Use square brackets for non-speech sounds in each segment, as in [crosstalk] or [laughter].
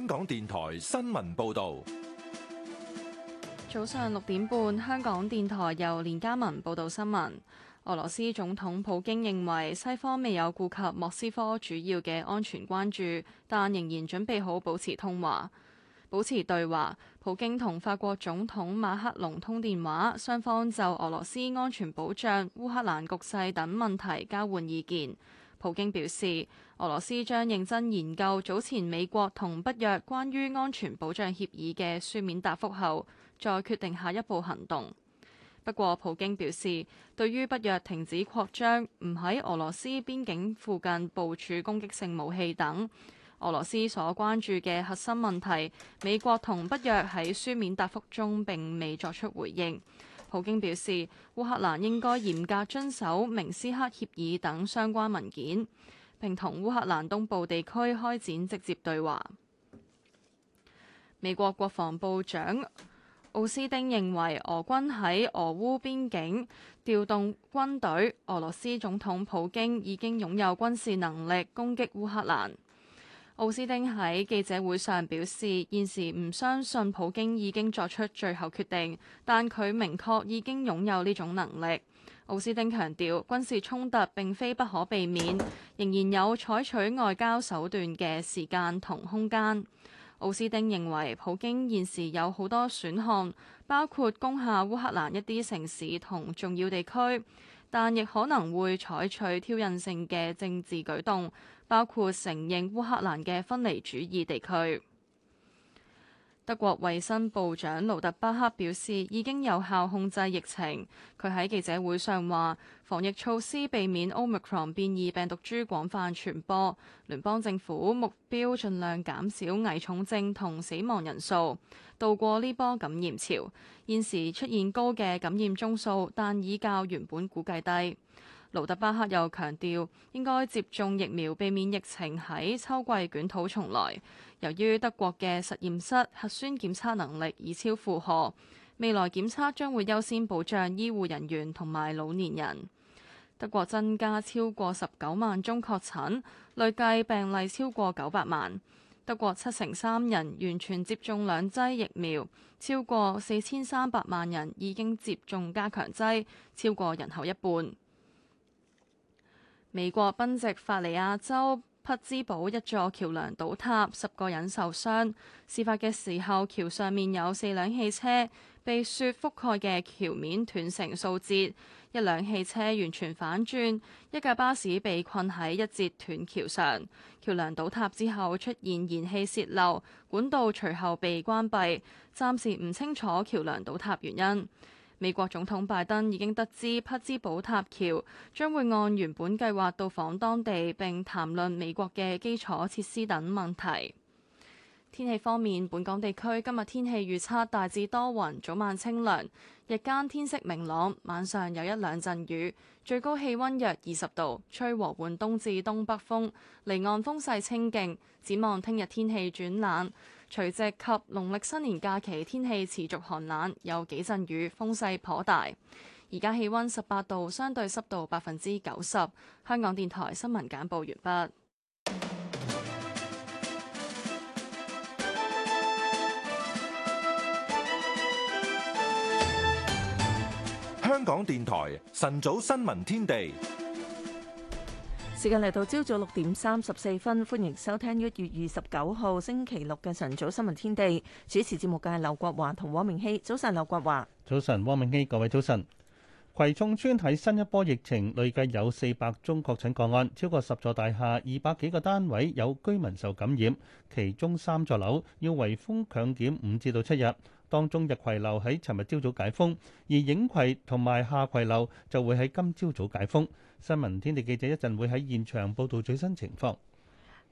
香港電台新聞報道，早上六點半，香港電台由連家文報道新聞。俄羅斯總統普京認為西方未有顧及莫斯科主要嘅安全關注，但仍然準備好保持通話、保持對話。普京同法國總統馬克龍通電話，雙方就俄羅斯安全保障、烏克蘭局勢等問題交換意見。普京表示。俄羅斯將認真研究早前美國同北約關於安全保障協議嘅書面答覆後，再決定下一步行動。不過，普京表示，對於北約停止擴張、唔喺俄羅斯邊境附近部署攻擊性武器等俄羅斯所關注嘅核心問題，美國同北約喺書面答覆中並未作出回應。普京表示，烏克蘭應該嚴格遵守明斯克協議等相關文件。並同烏克蘭東部地區開展直接對話。美國國防部長奧斯丁認為，俄軍喺俄烏邊境調動軍隊，俄羅斯總統普京已經擁有軍事能力攻擊烏克蘭。奧斯丁喺記者會上表示，現時唔相信普京已經作出最後決定，但佢明確已經擁有呢種能力。奧斯丁強調，軍事衝突並非不可避免，仍然有採取外交手段嘅時間同空間。奧斯丁認為，普京現時有好多選項，包括攻下烏克蘭一啲城市同重要地區，但亦可能會採取挑釁性嘅政治舉動，包括承認烏克蘭嘅分離主義地區。德國衛生部長盧特巴克表示，已經有效控制疫情。佢喺記者會上話，防疫措施避免 Omicron 變異病毒株廣泛傳播。聯邦政府目標盡量減少危重症同死亡人數，渡過呢波感染潮。現時出現高嘅感染宗數，但已較原本估計低。盧特巴克又強調，應該接種疫苗，避免疫情喺秋季捲土重來。由於德國嘅實驗室核酸檢測能力已超負荷，未來檢測將會優先保障醫護人員同埋老年人。德國增加超過十九萬宗確診，累計病例超過九百萬。德國七成三人完全接種兩劑疫苗，超過四千三百萬人已經接種加強劑，超過人口一半。美國賓夕法尼亞州。匹茲堡一座橋樑倒塌，十個人受傷。事發嘅時候，橋上面有四輛汽車，被雪覆蓋嘅橋面斷成數截。一輛汽車完全反轉，一架巴士被困喺一節斷橋上。橋樑倒塌之後出現燃氣泄漏，管道隨後被關閉，暫時唔清楚橋樑倒塌原因。美國總統拜登已經得知匹茲堡塔橋，將會按原本計劃到訪當地，並談論美國嘅基礎設施等問題。天氣方面，本港地區今日天氣預測大致多雲，早晚清涼，日間天色明朗，晚上有一兩陣雨，最高氣温約二十度，吹和緩東至東北風，離岸風勢清勁。展望聽日天氣轉冷。除夕及農曆新年假期，天氣持續寒冷，有幾陣雨，風勢頗大。而家氣温十八度，相對濕度百分之九十。香港電台新聞簡報完畢。香港電台晨早新聞天地。時間嚟到朝早六點三十四分，歡迎收聽一月二十九號星期六嘅晨早新聞天地。主持節目嘅係劉國華同汪明熙。早晨，劉國華。早晨，汪明熙，各位早晨。葵涌村喺新一波疫情累計有四百宗確診個案，超過十座大廈二百幾個單位有居民受感染，其中三座樓要圍封強檢五至到七日。當中日葵樓喺尋日朝早解封，而影葵同埋夏葵樓就會喺今朝早解封。新聞天地記者一陣會喺現場報道最新情況。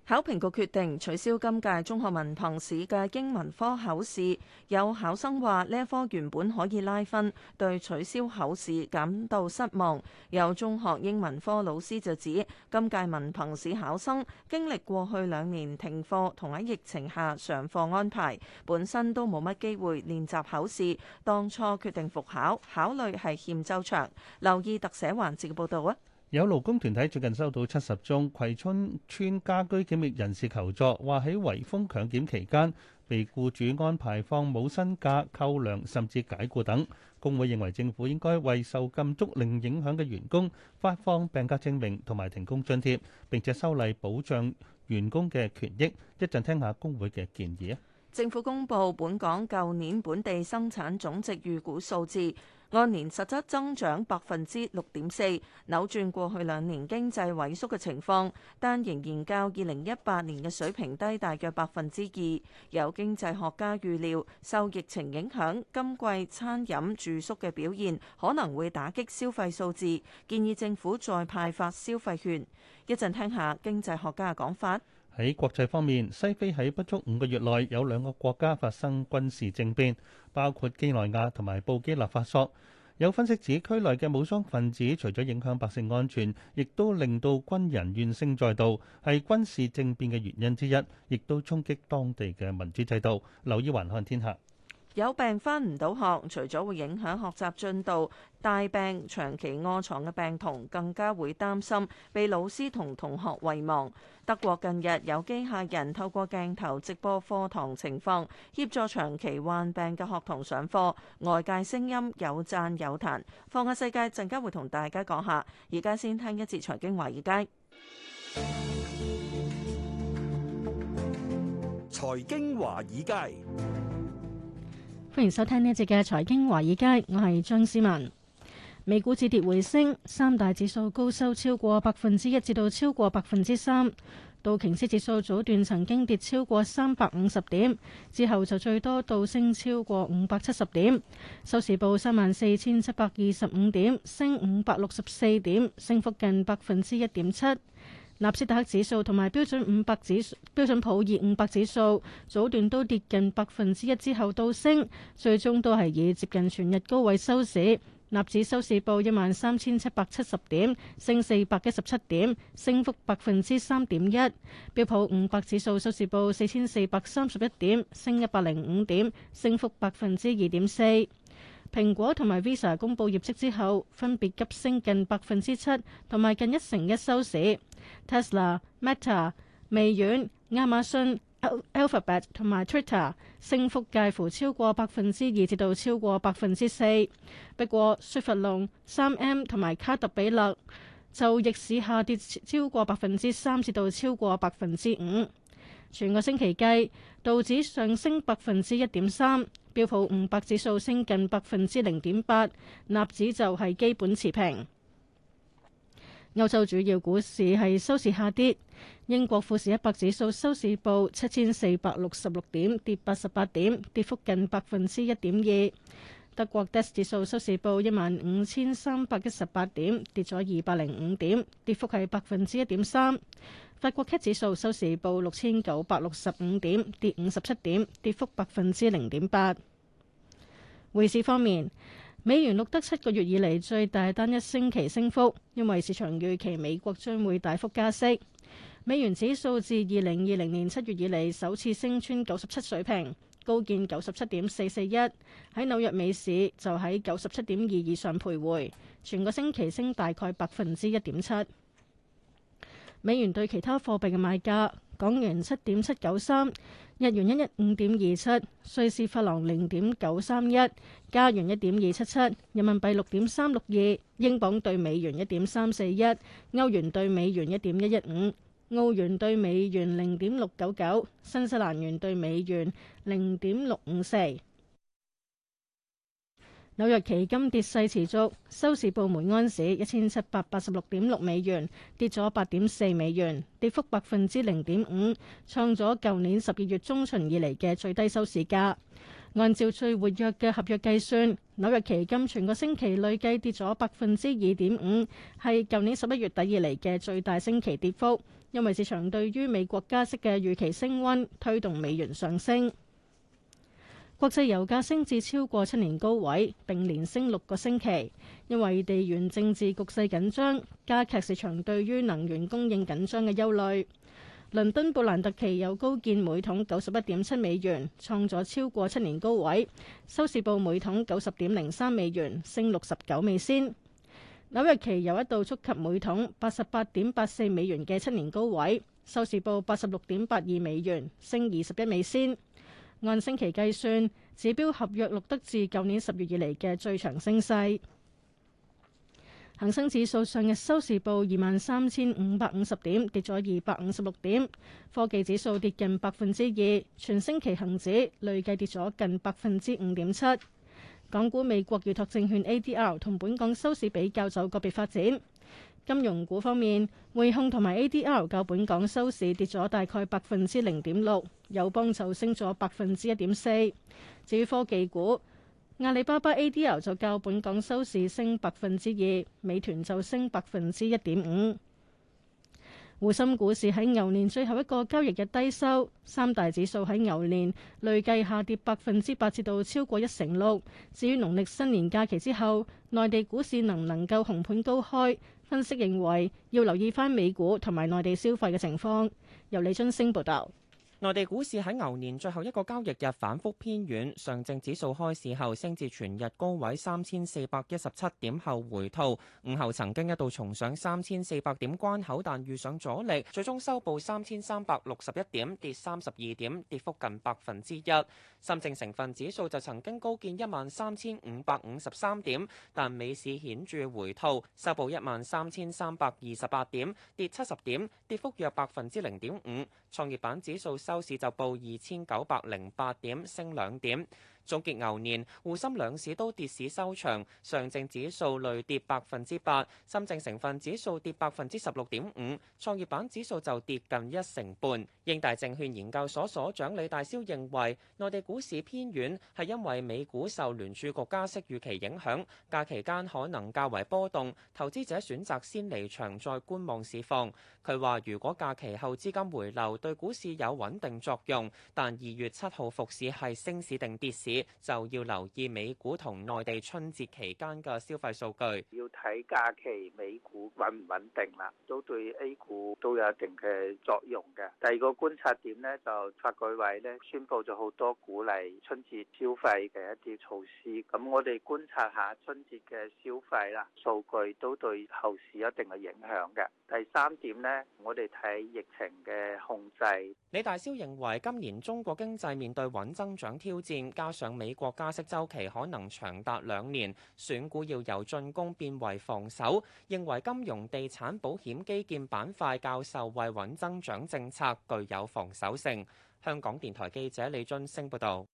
考評局決定取消今屆中學文憑試嘅英文科考試，有考生話：呢科原本可以拉分，對取消考試感到失望。有中學英文科老師就指，今屆文憑試考生經歷過去兩年停課，同喺疫情下上課安排，本身都冇乜機會練習考試，當初決定復考，考慮係欠周詳。留意特寫環節嘅報道啊！有勞工團體最近收到七十宗葵涌邨家居檢疫人士求助，話喺圍封強檢期間被僱主安排放冇薪假、扣糧甚至解雇等。工會認為政府應該為受禁足令影響嘅員工發放病假證明同埋停工津貼，並且修例保障員工嘅權益。一陣聽下工會嘅建議。政府公布本港舊年本地生產總值預估數字，按年實質增長百分之六點四，扭轉過去兩年經濟萎縮嘅情況，但仍然較二零一八年嘅水平低大約百分之二。有經濟學家預料，受疫情影響，今季餐飲住宿嘅表現可能會打擊消費數字，建議政府再派發消費券。一陣聽下經濟學家嘅講法。喺國際方面，西非喺不足五個月內有兩個國家發生軍事政變，包括幾內亞同埋布基納法索。有分析指，區內嘅武裝分子除咗影響百姓安全，亦都令到軍人怨聲載道，係軍事政變嘅原因之一，亦都衝擊當地嘅民主制度。留意橫看天下。有病返唔到學，除咗會影響學習進度，大病長期臥床嘅病童更加會擔心被老師同同學遺忘。德國近日有機械人透過鏡頭直播課堂情況，協助長期患病嘅學童上課。外界聲音有讚有彈，放下世界陣間會同大家講下。而家先聽一節財經華爾街。財經華爾街。歡迎收聽呢一節嘅財經華爾街，我係張思文。美股止跌回升，三大指數高收超過百分之一，至到超過百分之三。道瓊斯指數早段曾經跌超過三百五十點，之後就最多倒升超過五百七十點，收市報三萬四千七百二十五點，升五百六十四點，升幅近百分之一點七。納斯達克指數同埋標準五百指標準普爾五百指數早段都跌近百分之一，之後到升，最終都係以接近全日高位收市。納指收市報一萬三千七百七十點，升四百一十七點，升幅百分之三點一。標普五百指數收市報四千四百三十一點，升一百零五點，升幅百分之二點四。蘋果同埋 Visa 公布業績之後，分別急升近百分之七同埋近一成一收市。Tesla、Meta、微軟、亞馬遜、Alphabet 同埋 Twitter 升幅介乎超過百分之二至到超過百分之四。不過，雪佛龍、三 M 同埋卡特比勒就逆市下跌超過百分之三至到超過百分之五。全個星期計，道指上升百分之一點三，標普五百指數升近百分之零點八，納指就係基本持平。歐洲主要股市係收市下跌，英國富時一百指數收市報七千四百六十六點，跌八十八點，跌幅近百分之一點二。德國 DAX 指數收市報一萬五千三百一十八點，跌咗二百零五點，跌幅係百分之一點三。法國 CAC 指數收市報六千九百六十五點，跌五十七點，跌幅百分之零點八。匯市方面，美元錄得七個月以嚟最大單一星期升幅，因為市場預期美國將會大幅加息。美元指數自二零二零年七月以嚟首次升穿九十七水平，高見九十七點四四一。喺紐約美市就喺九十七點二以上徘徊，全個星期升大概百分之一點七。美元兌其他貨幣嘅賣價：港元七點七九三，日元一一五點二七，瑞士法郎零點九三一，加元一點二七七，人民幣六點三六二，英鎊對美元一點三四一，歐元對美元一點一一五，澳元對美元零點六九九，新西蘭元對美元零點六五四。紐約期金跌勢持續，收市報每安士一千七百八十六點六美元，跌咗八點四美元，跌幅百分之零點五，創咗舊年十二月中旬以嚟嘅最低收市價。按照最活躍嘅合約計算，紐約期金全個星期累計跌咗百分之二點五，係舊年十一月底以嚟嘅最大星期跌幅，因為市場對於美國加息嘅預期升溫，推動美元上升。國際油價升至超過七年高位，並連升六個星期，因為地緣政治局勢緊張，加劇市場對於能源供應緊張嘅憂慮。倫敦布蘭特期油高見每桶九十一點七美元，創咗超過七年高位，收市報每桶九十點零三美元，升六十九美仙。紐約期油一度觸及每桶八十八點八四美元嘅七年高位，收市報八十六點八二美元，升二十一美仙。按星期計算，指標合約錄得至舊年十月以嚟嘅最長升勢。恒生指數上日收市報二萬三千五百五十點，跌咗二百五十六點。科技指數跌近百分之二，全星期恒指累計跌咗近百分之五點七。港股美國預託證券 ADR 同本港收市比較走個別發展。金融股方面，匯控同埋 ADR 較本港收市跌咗大概百分之零點六，友邦就升咗百分之一點四。至於科技股，阿里巴巴 ADR 就較本港收市升百分之二，美團就升百分之一點五。滬深股市喺牛年最後一個交易日低收，三大指數喺牛年累計下跌百分之八，至到超過一成六。至於農曆新年假期之後，內地股市能唔能夠紅盤高開？分析認為，要留意返美股同埋內地消費嘅情況。由李春升報道。內地股市喺牛年最後一個交易日反覆偏軟，上證指數開市後升至全日高位三千四百一十七點後回吐，午後曾經一度重上三千四百點關口，但遇上阻力，最終收報三千三百六十一點，跌三十二點，跌幅近百分之一。深證成分指數就曾經高見一萬三千五百五十三點，但尾市顯著回吐，收報一萬三千三百二十八點，跌七十點，跌幅約百分之零點五。創業板指數收市就報二千九百零八點，升兩點。總結牛年，滬深兩市都跌市收場，上證指數累跌百分之八，深證成分指數跌百分之十六點五，創業板指數就跌近一成半。英大證券研究所所長李大霄認為，內地股市偏軟，係因為美股受聯儲局加息預期影響，假期間可能較為波動，投資者選擇先離場再觀望市況。佢話如果假期後資金回流對股市有穩定作用，但二月七號復市係升市定跌市？就要留意美股同內地春節期間嘅消費數據，要睇假期美股穩唔穩定啦，都對 A 股都有一定嘅作用嘅。第二個觀察點咧，就發改委咧宣布咗好多鼓勵春節消費嘅一啲措施，咁我哋觀察下春節嘅消費啦，數據都對後市一定嘅影響嘅。第三點咧，我哋睇疫情嘅控制。李大霄認為今年中國經濟面對穩增長挑戰，加上美國加息周期可能長達兩年，選股要由進攻變為防守。認為金融、地產、保險、基建板塊較受惠，穩增長政策具有防守性。香港電台記者李俊升報道。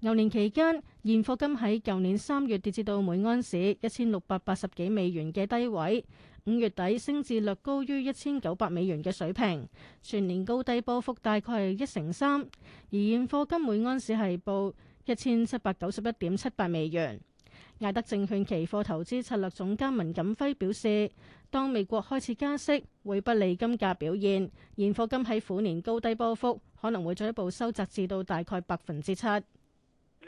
牛年期間，現貨金喺舊年三月跌至到每安士一千六百八十幾美元嘅低位，五月底升至略高於一千九百美元嘅水平，全年高低波幅大概係一成三，而現貨金每安士係報。一千七百九十一點七八美元。艾德證券期貨投資策略總監文錦輝表示，當美國開始加息，會不利金價表現。現貨金喺虎年高低波幅可能會進一步收窄至到大概百分之七。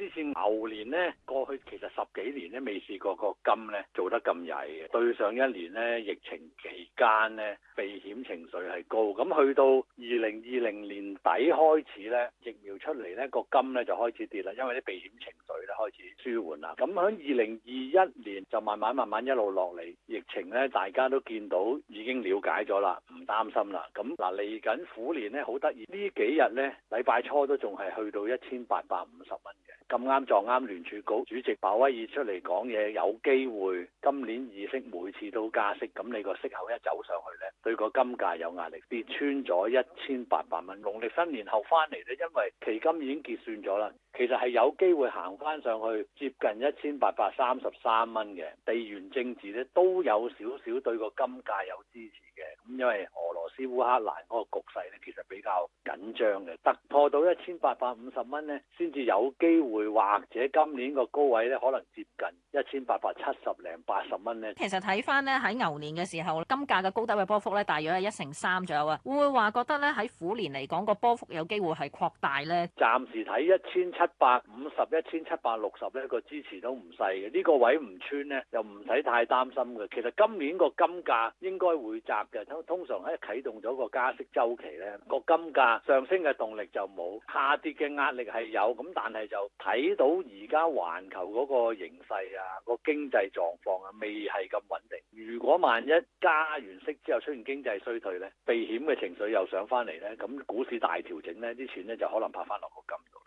之前牛年呢，過去其實十幾年咧未試過個金呢做得咁曳嘅。對上一年呢，疫情期間呢，避險情緒係高，咁去到二零二零年底開始呢，疫苗出嚟呢個金呢，就開始跌啦，因為啲避險情緒咧開始舒緩啦。咁喺二零二一年就慢慢、慢慢慢慢一路落嚟，疫情呢，大家都見到已經了解咗啦，唔擔心啦。咁嗱嚟緊虎年呢，好得意，呢幾日呢，禮拜初都仲係去到一千八百五十蚊嘅。咁啱撞啱聯儲局主席鮑威爾出嚟講嘢，有機會今年議息每次都加息，咁你個息口一走上去呢，對個金價有壓力，跌穿咗一千八百蚊。農曆新年後翻嚟呢，因為期金已經結算咗啦。其實係有機會行翻上去接近一千八百三十三蚊嘅。地緣政治咧，都有少少對個金價有支持嘅，咁因為俄羅斯烏克蘭嗰個局勢咧，其實比較緊張嘅，突破到一千八百五十蚊咧，先至有機會或者今年個高位咧，可能接近一千八百七十零八十蚊咧。其實睇翻咧，喺牛年嘅時候，金價嘅高低嘅波幅咧大約係一成三左右啊，會唔會話覺得咧，喺虎年嚟講個波幅有機會係擴大咧？暫時睇一千七七百五十一千七百六十一個支持都唔細嘅。呢個位唔穿呢，又唔使太擔心嘅。其實今年個金價應該會窄嘅。通常喺啟動咗個加息周期呢，個金價上升嘅動力就冇，下跌嘅壓力係有。咁但係就睇到而家環球嗰個形勢啊，個經濟狀況啊，未係咁穩定。如果萬一加完息之後出現經濟衰退呢，避險嘅情緒又上翻嚟呢，咁股市大調整呢啲錢呢，就可能拍翻落個金度啦。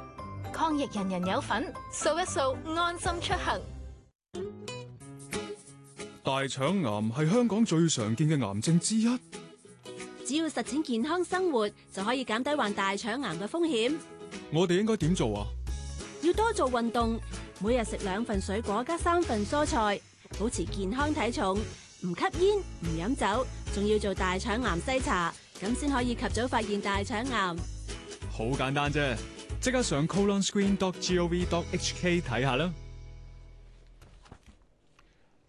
抗疫人人有份，掃一掃安心出行。大腸癌係香港最常見嘅癌症之一。只要實踐健康生活，就可以減低患大腸癌嘅風險。我哋應該點做啊？要多做運動，每日食兩份水果加三份蔬菜，保持健康體重，唔吸煙唔飲酒，仲要做大腸癌篩查，咁先可以及早發現大腸癌。好簡單啫～即刻上 colon screen.gov.hk 睇下啦。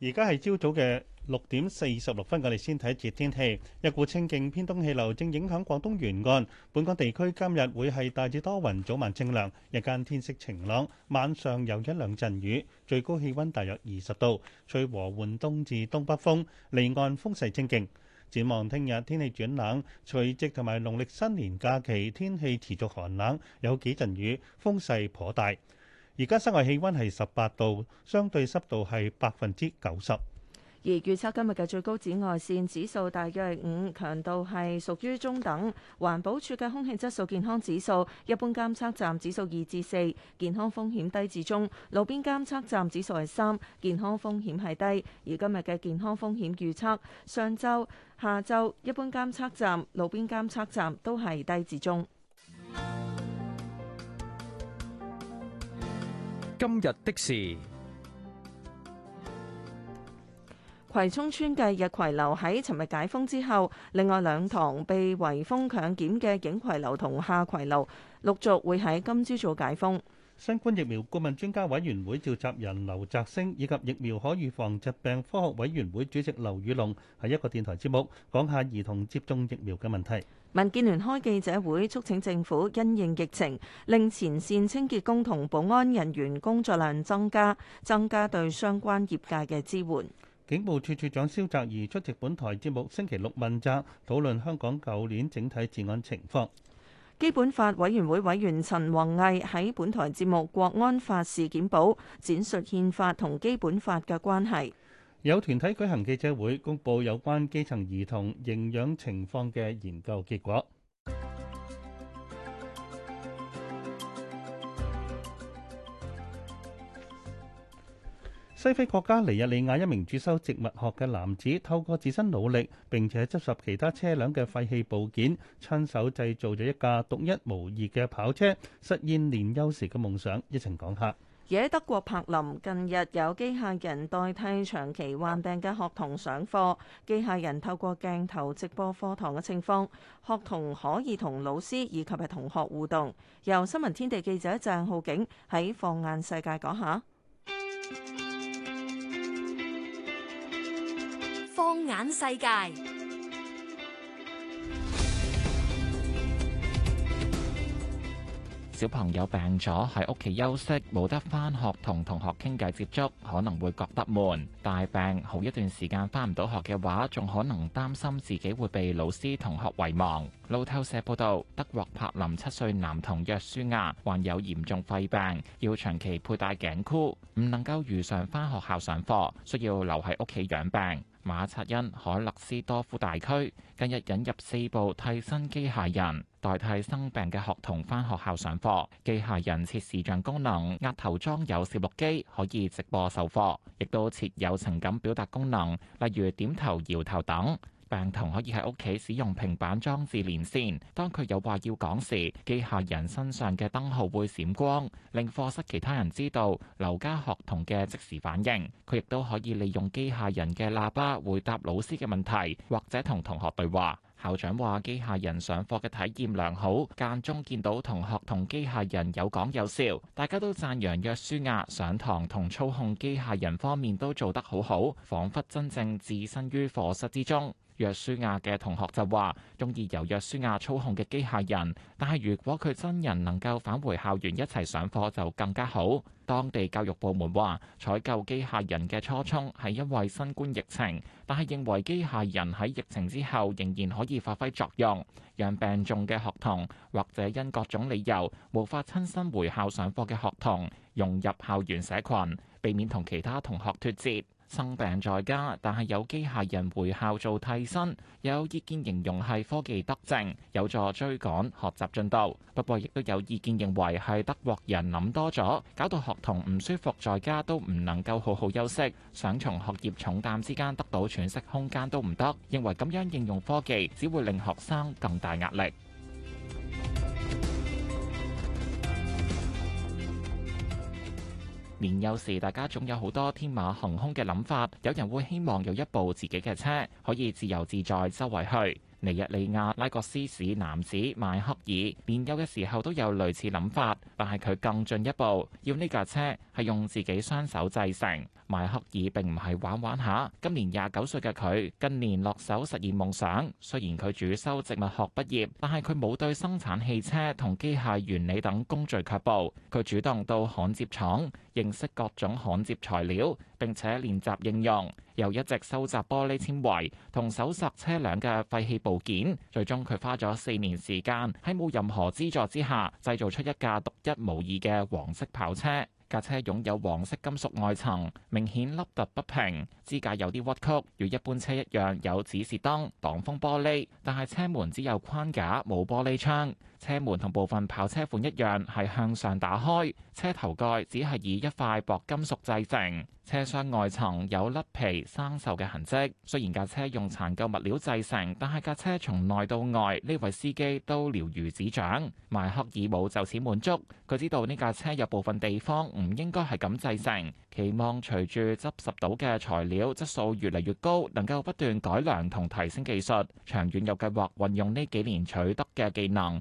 而家係朝早嘅六點四十六分，我哋先睇一節天氣。一股清勁偏東氣流正影響廣東沿岸，本港地區今日會係大致多雲，早晚清涼，日間天色晴朗，晚上有一兩陣雨，最高氣温大約二十度，吹和緩東至東北風，離岸風勢清勁。展望聽日天氣轉冷，除夕同埋農曆新年假期天氣持續寒冷，有幾陣雨，風勢頗大。而家室外氣溫係十八度，相對濕度係百分之九十。而預測今日嘅最高紫外線指數大約係五，強度係屬於中等。環保署嘅空氣質素健康指數，一般監測站指數二至四，健康風險低至中；路邊監測站指數係三，健康風險係低。而今日嘅健康風險預測，上晝、下晝一般監測站、路邊監測站都係低至中。今日的事。葵涌村嘅日葵樓喺尋日解封之後，另外兩堂被圍封強檢嘅景葵樓同下葵樓陸續會喺今朝早做解封。新冠疫苗顧問專家委員會召集人劉澤星以及疫苗可預防疾病科學委員會主席劉宇龍，喺一個電台節目講下兒童接種疫苗嘅問題。民建聯開記者會促請政府因應疫情，令前線清潔工同保安人員工作量增加，增加對相關業界嘅支援。警務處處長蕭澤頤出席本台節目《星期六問責》，討論香港舊年整體治安情況。基本法委員會委員陳弘毅喺本台節目《國安法事件簿》展述憲法同基本法嘅關係。有團體舉行記者會，公布有關基層兒童營養情況嘅研究結果。西非國家尼日利亞一名主修植物學嘅男子，透過自身努力並且執拾其他車輛嘅廢棄部件，親手製造咗一架獨一無二嘅跑車，實現年幼時嘅夢想。一齊講下。而喺德國柏林，近日有機械人代替長期患病嘅學童上課，機械人透過鏡頭直播課堂嘅情況，學童可以同老師以及嘅同學互動。由新聞天地記者鄭浩景喺放眼世界講下。放眼世界，小朋友病咗喺屋企休息，冇得翻學同同學傾偈接觸，可能會覺得悶。大病好一段時間翻唔到學嘅話，仲可能擔心自己會被老師同學遺忘。路透社報道，德國柏林七歲男童約舒亞患有嚴重肺病，要長期佩戴頸箍，唔能夠如常翻學校上課，需要留喺屋企養病。馬察恩海勒斯多夫大區近日引入四部替身機械人，代替生病嘅學童返學校上課。機械人設視像功能，額頭裝有攝錄機，可以直播授課，亦都設有情感表達功能，例如點頭、搖頭等。病童可以喺屋企使用平板裝置連線。當佢有話要講時，機械人身上嘅燈號會閃光，令課室其他人知道留家學童嘅即時反應。佢亦都可以利用機械人嘅喇叭回答老師嘅問題，或者同同學對話。校長話，機械人上課嘅體驗良好，間中見到同學同機械人有講有笑，大家都讚揚約書亞上堂同操控機械人方面都做得好好，彷彿真正置身於課室之中。約書亞嘅同學就話：中意由約書亞操控嘅機械人，但係如果佢真人能夠返回校園一齊上課就更加好。當地教育部門話：採購機械人嘅初衷係因為新冠疫情，但係認為機械人喺疫情之後仍然可以發揮作用，讓病重嘅學童或者因各種理由無法親身回校上課嘅學童融入校園社群，避免同其他同學脫節。生病在家，但係有機械人回校做替身，有意見形容係科技得正，有助追趕學習進度。不過，亦都有意見認為係德國人諗多咗，搞到學童唔舒服，在家都唔能夠好好休息，想從學業重擔之間得到喘息空間都唔得。認為咁樣應用科技，只會令學生更大壓力。年幼時，大家總有好多天馬行空嘅諗法，有人會希望有一部自己嘅車，可以自由自在周圍去。尼日利亞拉各斯市男子邁克爾年幼嘅時候都有類似諗法，但係佢更進一步，要呢架車係用自己雙手製成。邁克爾並唔係玩玩下，今年廿九歲嘅佢近年落手實現夢想。雖然佢主修植物學畢業，但係佢冇對生產汽車同機械原理等工序卻步。佢主動到焊接廠認識各種焊接材料，並且練習應用。又一直收集玻璃纖維同手剎車輛嘅廢棄部部件，最終佢花咗四年時間，喺冇任何資助之下，製造出一架獨一無二嘅黃色跑車。架車擁有黃色金屬外層，明顯凹凸不平，支架有啲屈曲，與一般車一樣有指示燈、擋風玻璃，但係車門只有框架，冇玻璃窗。車門同部分跑車款一樣係向上打開，車頭蓋只係以一塊薄金屬製成，車廂外層有甩皮生鏽嘅痕跡。雖然架車用殘舊物料製成，但係架車從內到外，呢位司機都了如指掌。邁克爾冇就此滿足，佢知道呢架車有部分地方唔應該係咁製成，期望隨住執拾到嘅材料質素越嚟越高，能夠不斷改良同提升技術，長遠有計劃運用呢幾年取得嘅技能。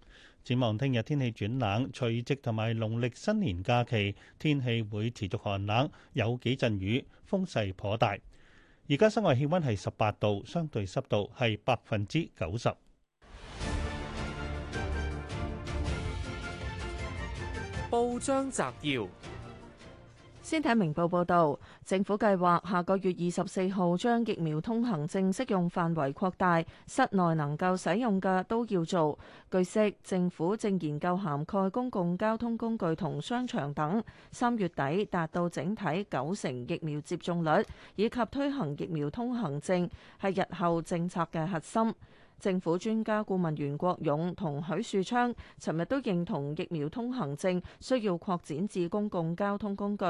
展望聽日天，天氣轉冷，除夕同埋農曆新年假期天氣會持續寒冷，有幾陣雨，風勢頗大。而家室外氣温係十八度，相對濕度係百分之九十。報章摘要。先睇明報報道，政府計劃下個月二十四號將疫苗通行證適用範圍擴大，室內能夠使用嘅都要做。據悉，政府正研究涵蓋公共交通工具同商場等，三月底達到整體九成疫苗接種率，以及推行疫苗通行證，係日後政策嘅核心。政府專家顧問袁國勇同許樹昌尋日都認同疫苗通行證需要擴展至公共交通工具。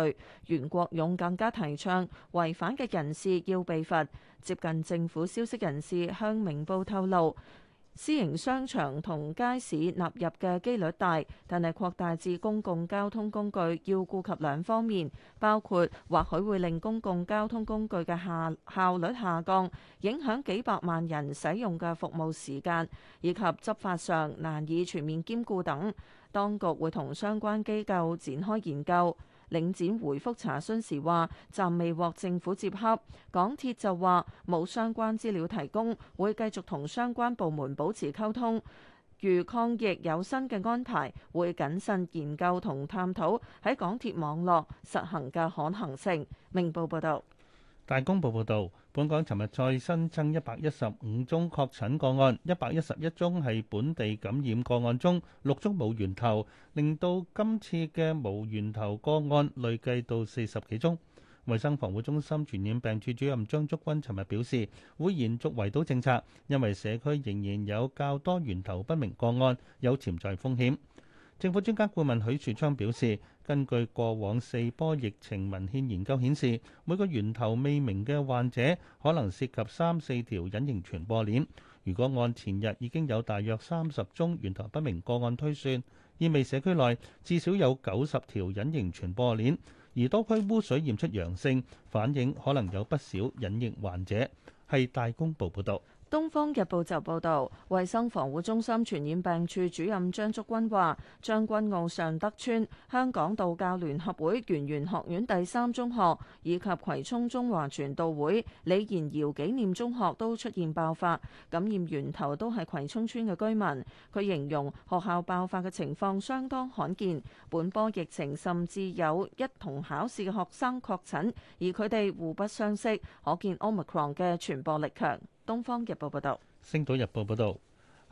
袁國勇更加提倡違反嘅人士要被罰。接近政府消息人士向明報透露，私營商場同街市納入嘅機率大，但係擴大至公共交通工具要顧及兩方面，包括或許會令公共交通工具嘅下效率下降，影響幾百萬人使用嘅服務時間，以及執法上難以全面兼顧等。當局會同相關機構展開研究。領展回覆查詢時話，暫未獲政府接洽。港鐵就話冇相關資料提供，會繼續同相關部門保持溝通。如抗疫有新嘅安排，會謹慎研究同探討喺港鐵網絡實行嘅可行性。明報報道。大公報報道。本港尋日再新增一百一十五宗確診個案，一百一十一宗係本地感染個案，中六宗冇源頭，令到今次嘅無源頭個案累計到四十幾宗。衛生防護中心傳染病處主任張竹君尋日表示，會延續圍堵政策，因為社區仍然有較多源頭不明個案，有潛在風險。政府專家顧問許樹昌表示，根據過往四波疫情文獻研究顯示，每個源頭未明嘅患者可能涉及三四條隱形傳播鏈。如果按前日已經有大約三十宗源頭不明個案推算，意味社區內至少有九十條隱形傳播鏈。而多區污水驗出陽性，反映可能有不少隱形患者。係大公報報導。《東方日報》就報導，衞生防護中心傳染病處主任張竹君話，將軍澳尚德邨、香港道教聯合會圓玄學院第三中學以及葵涌中華傳道會李賢堯紀念中學都出現爆發，感染源頭都係葵涌村嘅居民。佢形容學校爆發嘅情況相當罕見，本波疫情甚至有一同考試嘅學生確診，而佢哋互不相識，可見 Omicron 嘅傳播力強。《東方日報》報道，《星島日報》報道，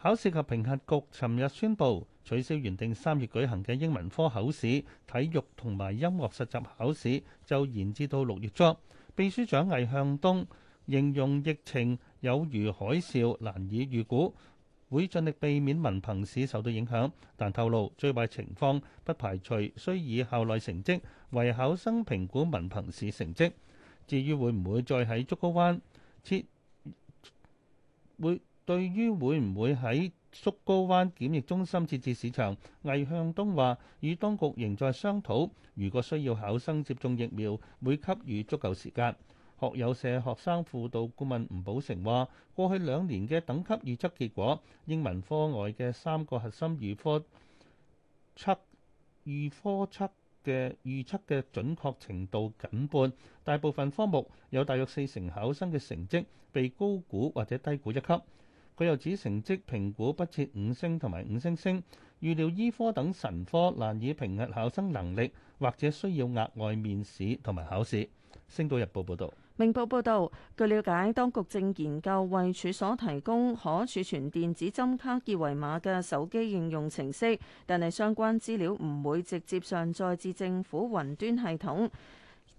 考試及評核局尋日宣布取消原定三月舉行嘅英文科口試、體育同埋音樂實習考試，就延至到六月初。秘書長魏向東形容疫情有如海嘯，難以預估，會盡力避免文憑試受到影響，但透露最壞情況不排除需以校內成績為考生評估文憑試成績。至於會唔會再喺竹篙灣設？會對於會唔會喺竹篙灣檢疫中心設置試場？魏向東話：與當局仍在商討，如果需要考生接種疫苗，會給予足夠時間。學友社學生輔導顧問吳寶成話：過去兩年嘅等級預測結果，英文科外嘅三個核心預科測預科測。嘅預測嘅準確程度僅半，大部分科目有大約四成考生嘅成績被高估或者低估一級。佢又指成績評估不設五星同埋五星星，預料醫科等神科難以評核考生能力，或者需要額外面試同埋考試。星島日報報導。明報報導，據了解，當局正研究為處所提供可儲存電子針卡二維碼嘅手機應用程式，但係相關資料唔會直接上載至政府雲端系統，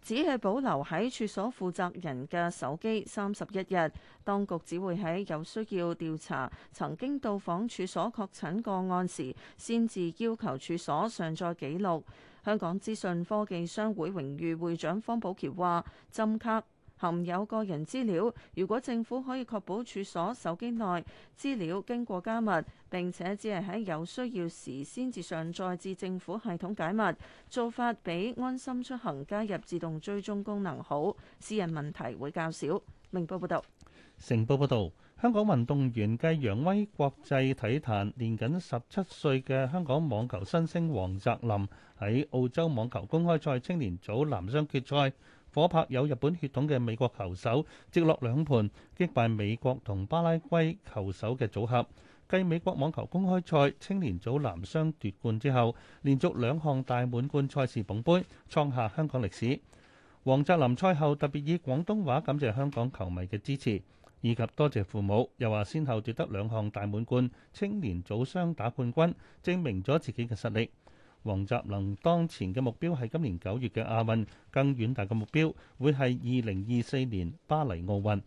只係保留喺處所負責人嘅手機三十一日。當局只會喺有需要調查曾經到訪處所確診個案時，先至要求處所上載記錄。香港資訊科技商會榮譽會長方保僑話：針卡，含有個人資料，如果政府可以確保處所手機內資料經過加密，並且只係喺有需要時先至上載至政府系統解密，做法比安心出行加入自動追蹤功能好，私人問題會較少。明報報道：《成報》報道，香港運動員繼揚威國際體壇年僅十七歲嘅香港網球新星黃澤林喺澳洲網球公開賽青年組男雙決賽。夥拍有日本血統嘅美國球手，直落兩盤擊敗美國同巴拉圭球手嘅組合，繼美國網球公開賽青年組男雙奪冠之後，連續兩項大滿貫賽事捧杯，創下香港歷史。黃澤林賽後特別以廣東話感謝香港球迷嘅支持，以及多謝父母，又話先後奪得兩項大滿貫青年組雙打冠軍，證明咗自己嘅實力。黃澤林當前嘅目標係今年九月嘅亞運，更遠大嘅目標會係二零二四年巴黎奧運。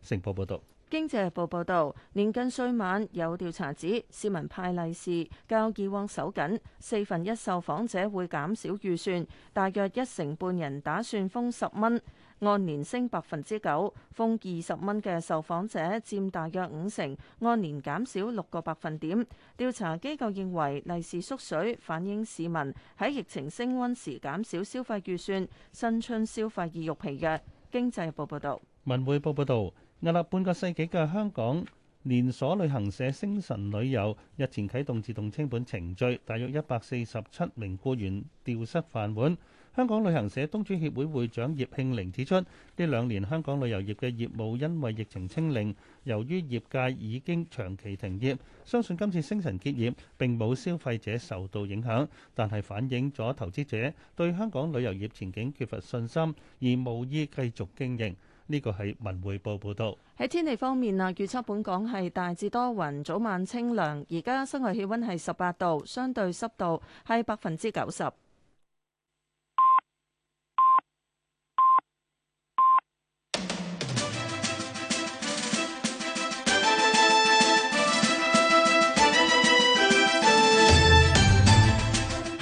成報報導，《經濟日報》報道：「年近歲晚，有調查指市民派利是較以往手緊，四分一受訪者會減少預算，大約一成半人打算封十蚊。按年升百分之九，封二十蚊嘅受訪者佔大約五成，按年減少六個百分點。調查機構認為利是縮水，反映市民喺疫情升溫時減少消費預算，新春消費意慾疲弱。經濟日報報道。文匯報報道，屹立，呃、半個世紀嘅香港連鎖旅行社星晨旅遊日前啟動自動清盤程序，大約一百四十七名僱員丟失飯碗。香港旅行社東主協會會長葉慶玲指出，呢兩年香港旅遊業嘅業務因為疫情清零，由於業界已經長期停業，相信今次星辰結業並冇消費者受到影響，但係反映咗投資者對香港旅遊業前景缺乏信心而無意繼續經營。呢個係文匯報報道。喺天氣方面啊，預測本港係大致多雲，早晚清涼。而家室外氣溫係十八度，相對濕度係百分之九十。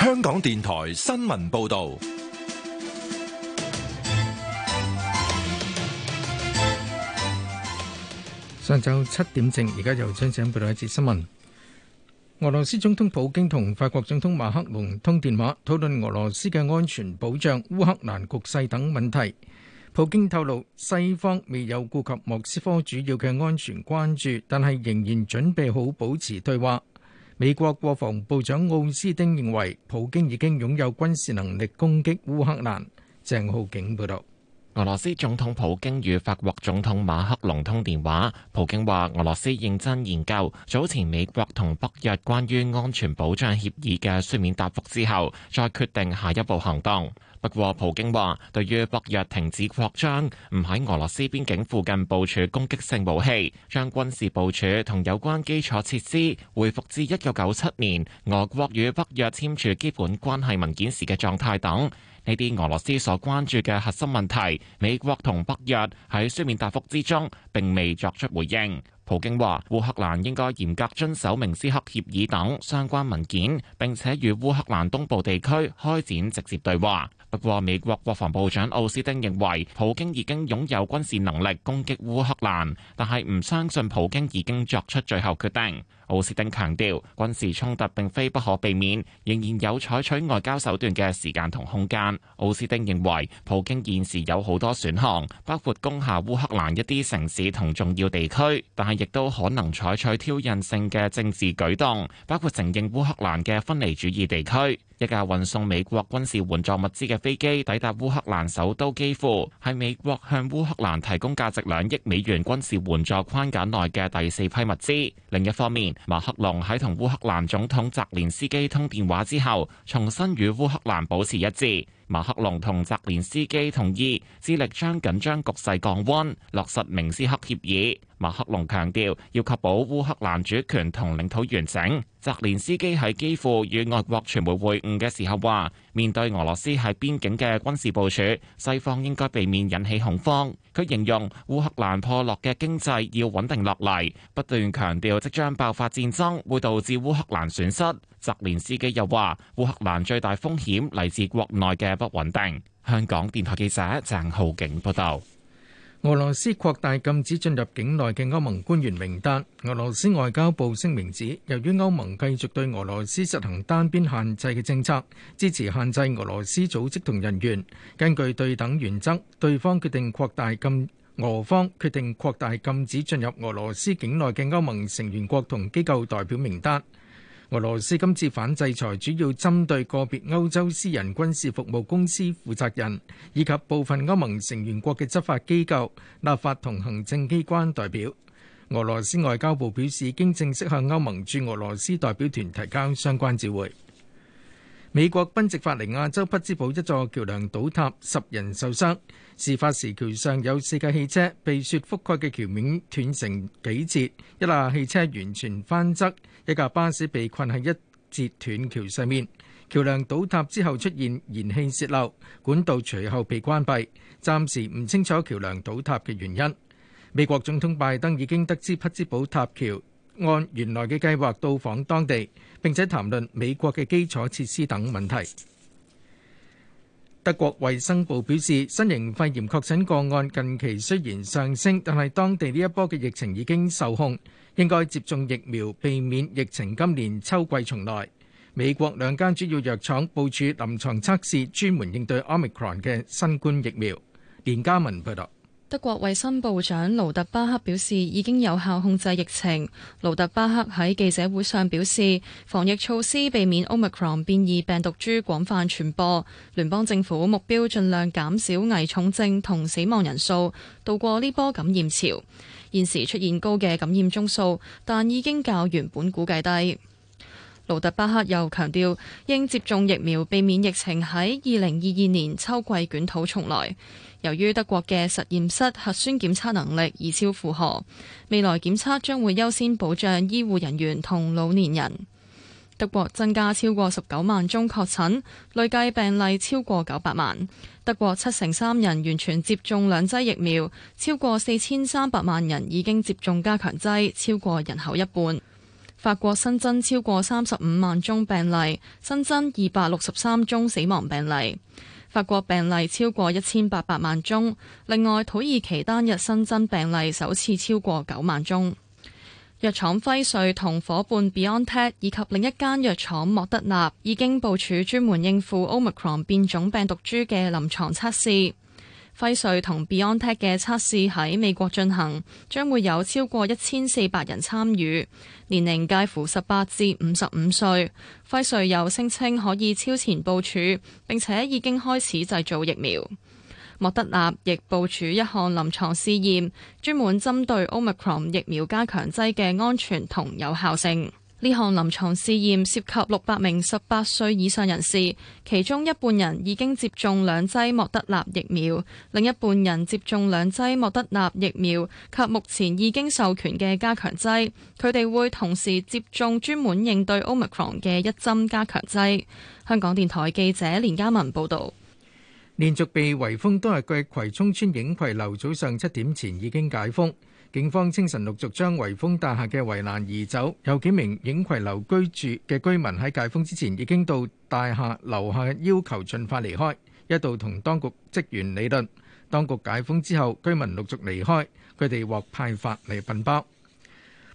香港電台新聞報道，上晝七點正，而家又將請報道一節新聞。俄羅斯總統普京同法國總統馬克龍通電話，討論俄羅斯嘅安全保障、烏克蘭局勢等問題。普京透露，西方未有顧及莫斯科主要嘅安全關注，但係仍然準備好保持對話。美國國防部長奧斯丁認為，普京已經擁有軍事能力攻擊烏克蘭。鄭浩景報道。俄羅斯總統普京與法國總統馬克龍通電話，普京話俄羅斯認真研究早前美國同北約關於安全保障協議嘅書面答復之後，再決定下一步行動。不過普京話，對於北約停止擴張，唔喺俄羅斯邊境附近部署攻擊性武器，將軍事部署同有關基礎設施恢復至一九九七年俄國與北約簽署基本關係文件時嘅狀態等。呢啲俄羅斯所關注嘅核心問題，美國同北約喺書面答覆之中並未作出回應。普京話，烏克蘭應該嚴格遵守明斯克協議等相關文件，並且與烏克蘭東部地區開展直接對話。不過，美國國防部長奧斯汀認為，普京已經擁有軍事能力攻擊烏克蘭，但係唔相信普京已經作出最後決定。奧斯汀強調，軍事衝突並非不可避免，仍然有採取外交手段嘅時間同空間。奧斯汀認為，普京現時有好多選項，包括攻下烏克蘭一啲城市同重要地區，但係亦都可能採取挑釁性嘅政治舉動，包括承認烏克蘭嘅分離主義地區。一架運送美國軍事援助物資嘅飛機抵達烏克蘭首都基輔，係美國向烏克蘭提供價值兩億美元軍事援助框架內嘅第四批物資。另一方面，馬克龍喺同烏克蘭總統澤連斯基通電話之後，重新與烏克蘭保持一致。馬克龍同澤連斯基同意致力將緊張局勢降温，落實明斯克協議。馬克龍強調要確保烏克蘭主權同領土完整。澤連斯基喺基輔與外國傳媒會晤嘅時候話，面對俄羅斯喺邊境嘅軍事部署，西方應該避免引起恐慌。佢形容烏克蘭破落嘅經濟要穩定落嚟，不斷強調即將爆發戰爭會導致烏克蘭損失。澤連斯基又話：烏克蘭最大風險嚟自國內嘅不穩定。香港電台記者鄭浩景報道。俄羅斯擴大禁止進入境內嘅歐盟官員名單。俄羅斯外交部聲明指，由於歐盟繼續對俄羅斯實行單邊限制嘅政策，支持限制俄羅斯組織同人員。根據對等原則，對方決定擴大禁俄方決定擴大禁止進入俄羅斯境內嘅歐盟成員國同機構代表名單。俄羅斯今次反制裁主要針對個別歐洲私人軍事服務公司負責人，以及部分歐盟成員國嘅執法機構、立法同行政機關代表。俄羅斯外交部表示，已經正式向歐盟駐俄羅斯代表團提交相關照會。美國賓夕法尼亞州匹茲堡一座橋梁倒塌，十人受傷。事發時橋上有四架汽車，被雪覆蓋嘅橋面斷成幾截，一架汽車完全翻側，一架巴士被困喺一截斷橋上面。橋梁倒塌之後出現燃氣洩漏，管道隨後被關閉。暫時唔清楚橋梁倒塌嘅原因。美國總統拜登已經得知匹茲堡塔橋按原來嘅計劃到訪當地，並且談論美國嘅基礎設施等問題。德國衛生部表示，新型肺炎確診個案近期雖然上升，但係當地呢一波嘅疫情已經受控，應該接種疫苗，避免疫情今年秋季重來。美國兩間主要藥廠部署臨床測試，專門應對 Omicron 嘅新冠疫苗。連家文報道。德國衛生部長盧特巴克表示，已經有效控制疫情。盧特巴克喺記者會上表示，防疫措施避免 omicron 變異病毒株廣泛傳播。聯邦政府目標盡量減少危重症同死亡人數，度過呢波感染潮。現時出現高嘅感染宗數，但已經較原本估計低。盧特巴克又強調，應接種疫苗，避免疫情喺二零二二年秋季捲土重來。由於德國嘅實驗室核酸檢測能力已超負荷，未來檢測將會優先保障醫護人員同老年人。德國增加超過十九萬宗確診，累計病例超過九百萬。德國七成三人完全接種兩劑疫苗，超過四千三百萬人已經接種加強劑，超過人口一半。法國新增超過三十五萬宗病例，新增二百六十三宗死亡病例。法國病例超過一千八百萬宗，另外，土耳其單日新增病例首次超過九萬宗。藥廠輝瑞同伙伴 Biontech 以及另一間藥廠莫德納已經部署專門應付 Omicron 變種病毒株嘅臨床測試。輝瑞同 BioNTech 嘅測試喺美國進行，將會有超過一千四百人參與，年齡介乎十八至五十五歲。輝瑞又聲稱可以超前部署，並且已經開始製造疫苗。莫德納亦部署一項臨床試驗，專門針對 Omicron 疫苗加強劑嘅安全同有效性。呢項臨床試驗涉及六百名十八歲以上人士，其中一半人已經接種兩劑莫德納疫苗，另一半人接種兩劑莫德納疫苗及目前已經授權嘅加強劑。佢哋會同時接種專門應對 Omicron 嘅一針加強劑。香港電台記者連嘉文報道。連續被圍封多日嘅葵涌村影葵樓，早上七點前已經解封。警方清晨陸續將維峰大廈嘅圍欄移走，有幾名影葵樓居住嘅居民喺解封之前已經到大廈樓下要求盡快離開，一度同當局職員理論。當局解封之後，居民陸續離開，佢哋獲派發禮品包。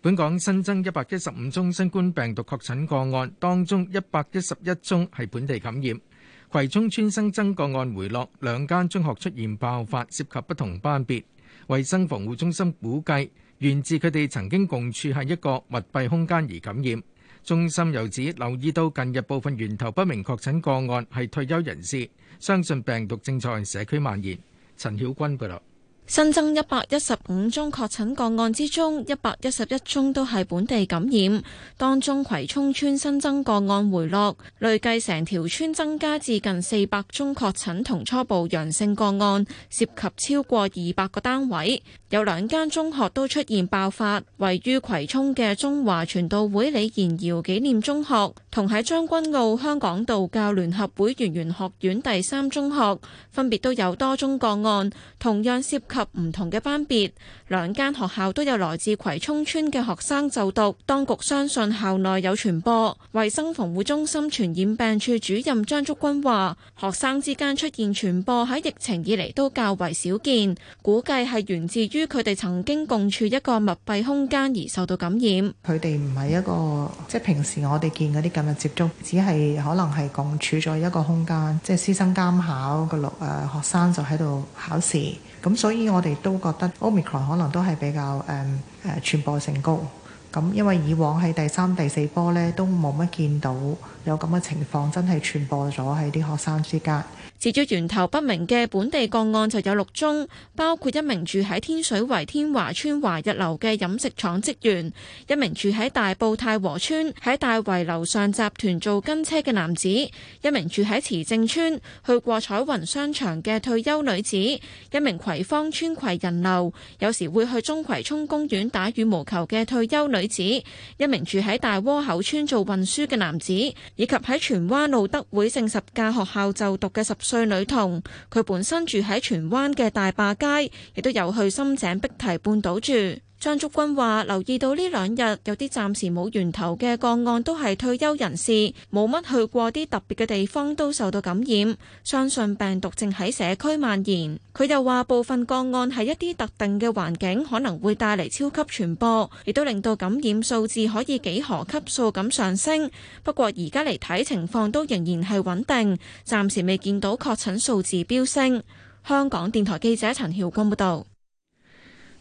本港新增一百一十五宗新冠病毒確診個案，當中一百一十一宗係本地感染。葵涌村新增個案回落，兩間中學出現爆發，涉及不同班別。衞生防護中心估計，源自佢哋曾經共處喺一個密閉空間而感染。中心又指留意到近日部分源頭不明確診個案係退休人士，相信病毒正在社區蔓延。陳曉君報導。新增一百一十五宗確診個案之中，一百一十一宗都係本地感染。當中葵涌村新增個案回落，累計成條村增加至近四百宗確診同初步陽性個案，涉及超過二百個單位，有兩間中學都出現爆發，位於葵涌嘅中華傳道會李賢堯紀念中學，同喺將軍澳香港道教聯合會圓玄學院第三中學分別都有多宗個案，同樣涉。及唔同嘅班別，兩間學校都有來自葵涌村嘅學生就讀。當局相信校內有傳播。衛生防護中心傳染病處主任張竹君話：學生之間出現傳播喺疫情以嚟都較為少見，估計係源自於佢哋曾經共處一個密閉空間而受到感染。佢哋唔係一個即係平時我哋見嗰啲咁嘅接觸，只係可能係共處咗一個空間，即係師生監考個六誒，學生就喺度考試。咁所以我哋都覺得 Omicron 可能都係比較誒、um, uh, 傳播性高，咁因為以往喺第三、第四波呢都冇乜見到。有咁嘅情況，真係傳播咗喺啲學生之間。至於源頭不明嘅本地個案就有六宗，包括一名住喺天水圍天華村華日樓嘅飲食廠職員，一名住喺大埔太和村喺大圍樓上集團做跟車嘅男子，一名住喺慈正村去過彩雲商場嘅退休女子，一名葵芳村葵仁樓有時會去中葵涌公園打羽毛球嘅退休女子，一名住喺大窩口村做運輸嘅男子。以及喺荃灣路德會聖十架學校就讀嘅十歲女童，佢本身住喺荃灣嘅大壩街，亦都有去深井碧堤半島住。張竹君話：留意到呢兩日有啲暫時冇源頭嘅個案都係退休人士，冇乜去過啲特別嘅地方都受到感染，相信病毒正喺社區蔓延。佢又話：部分個案喺一啲特定嘅環境可能會帶嚟超級傳播，亦都令到感染數字可以幾何級數咁上升。不過而家嚟睇情況都仍然係穩定，暫時未見到確診數字飆升。香港電台記者陳曉君報道。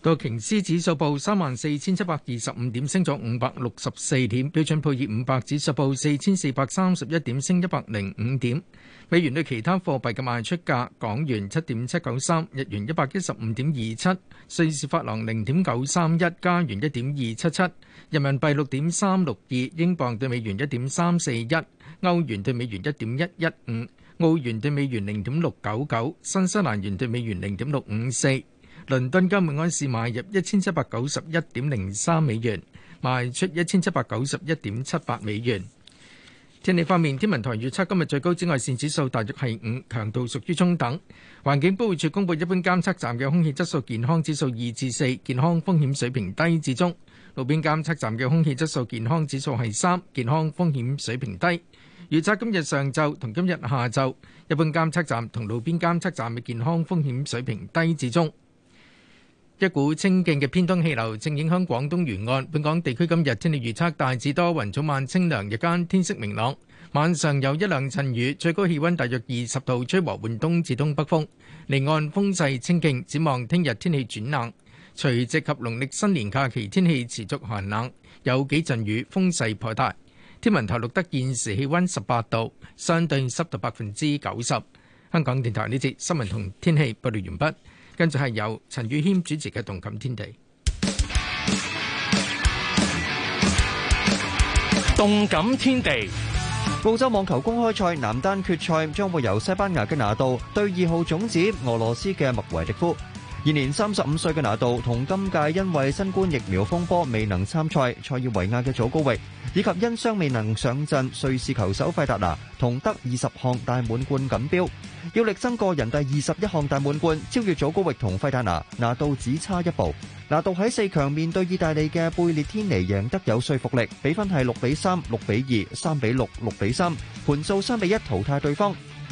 道瓊斯指數報三萬四千七百二十五點，升咗五百六十四點；標準普爾五百指數報四千四百三十一點，升一百零五點。美元對其他貨幣嘅賣出價：港元七點七九三，日元一百一十五點二七，瑞士法郎零點九三一，加元一點二七七，人民幣六點三六二，英鎊對美元一點三四一，歐元對美元一點一一五，澳元對美元零點六九九，新西蘭元對美元零點六五四。倫敦金每安士買入一千七百九十一點零三美元，賣出一千七百九十一點七八美元。天氣方面，天文台預測今日最高紫外線指數大約係五，強度屬於中等。環境保護署公佈，一般監測站嘅空氣質素健康指數二至四，健康風險水平低至中。路邊監測站嘅空氣質素健康指數係三，健康風險水平低。預測今日上晝同今日下晝，一般監測站同路邊監測站嘅健康風險水平低至中。一股清勁嘅偏東氣流正影響廣東沿岸，本港地區今日天氣預測大致多雲，早晚清涼，日間天色明朗，晚上有一兩陣雨，最高氣温大約二十度，吹和緩東至東北風。離岸風勢清勁，展望聽日天，天氣轉冷，隨即及農曆新年假期天氣持續寒冷，有幾陣雨，風勢頗大。天文台錄得現時氣温十八度，相對濕度百分之九十。香港電台呢節新聞同天氣報告完畢。跟住係由陳宇謙主持嘅《動感天地》。《動感天地》，澳洲網球公開賽男單決賽將會由西班牙嘅拿度對二號種子俄羅斯嘅麥維迪夫。現年三十五歲嘅拿度，同今屆因為新冠疫苗風波未能參賽，塞爾維亞嘅祖高域，以及因傷未能上陣瑞士球手費達拿，同得二十項大滿貫錦標，要力爭個人第二十一項大滿貫，超越祖高域同費達拿，拿度只差一步。拿度喺四強面對意大利嘅貝列天尼，贏得有說服力，比分係六比三、六比二、三比六、六比三，盤數三比一淘汰對方。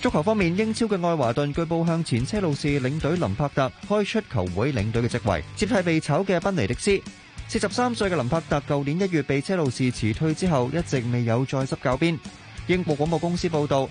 足球方面，英超嘅愛華頓據報向前車路士領隊林柏特開出球會領隊嘅職位，接替被炒嘅賓尼迪斯。四十三歲嘅林柏特，舊年一月被車路士辭退之後，一直未有再執教鞭。英國廣播公司報道。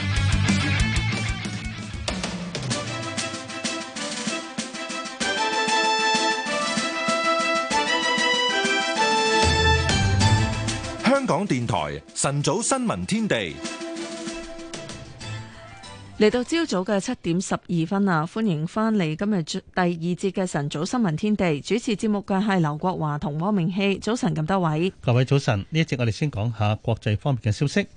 晨早新聞天地，嚟到朝早嘅七點十二分啦，歡迎翻嚟今日第二節嘅晨早新聞天地。主持節目嘅係劉國華同汪明希，早晨咁多位，各位早晨。呢一節我哋先講下國際方面嘅消息。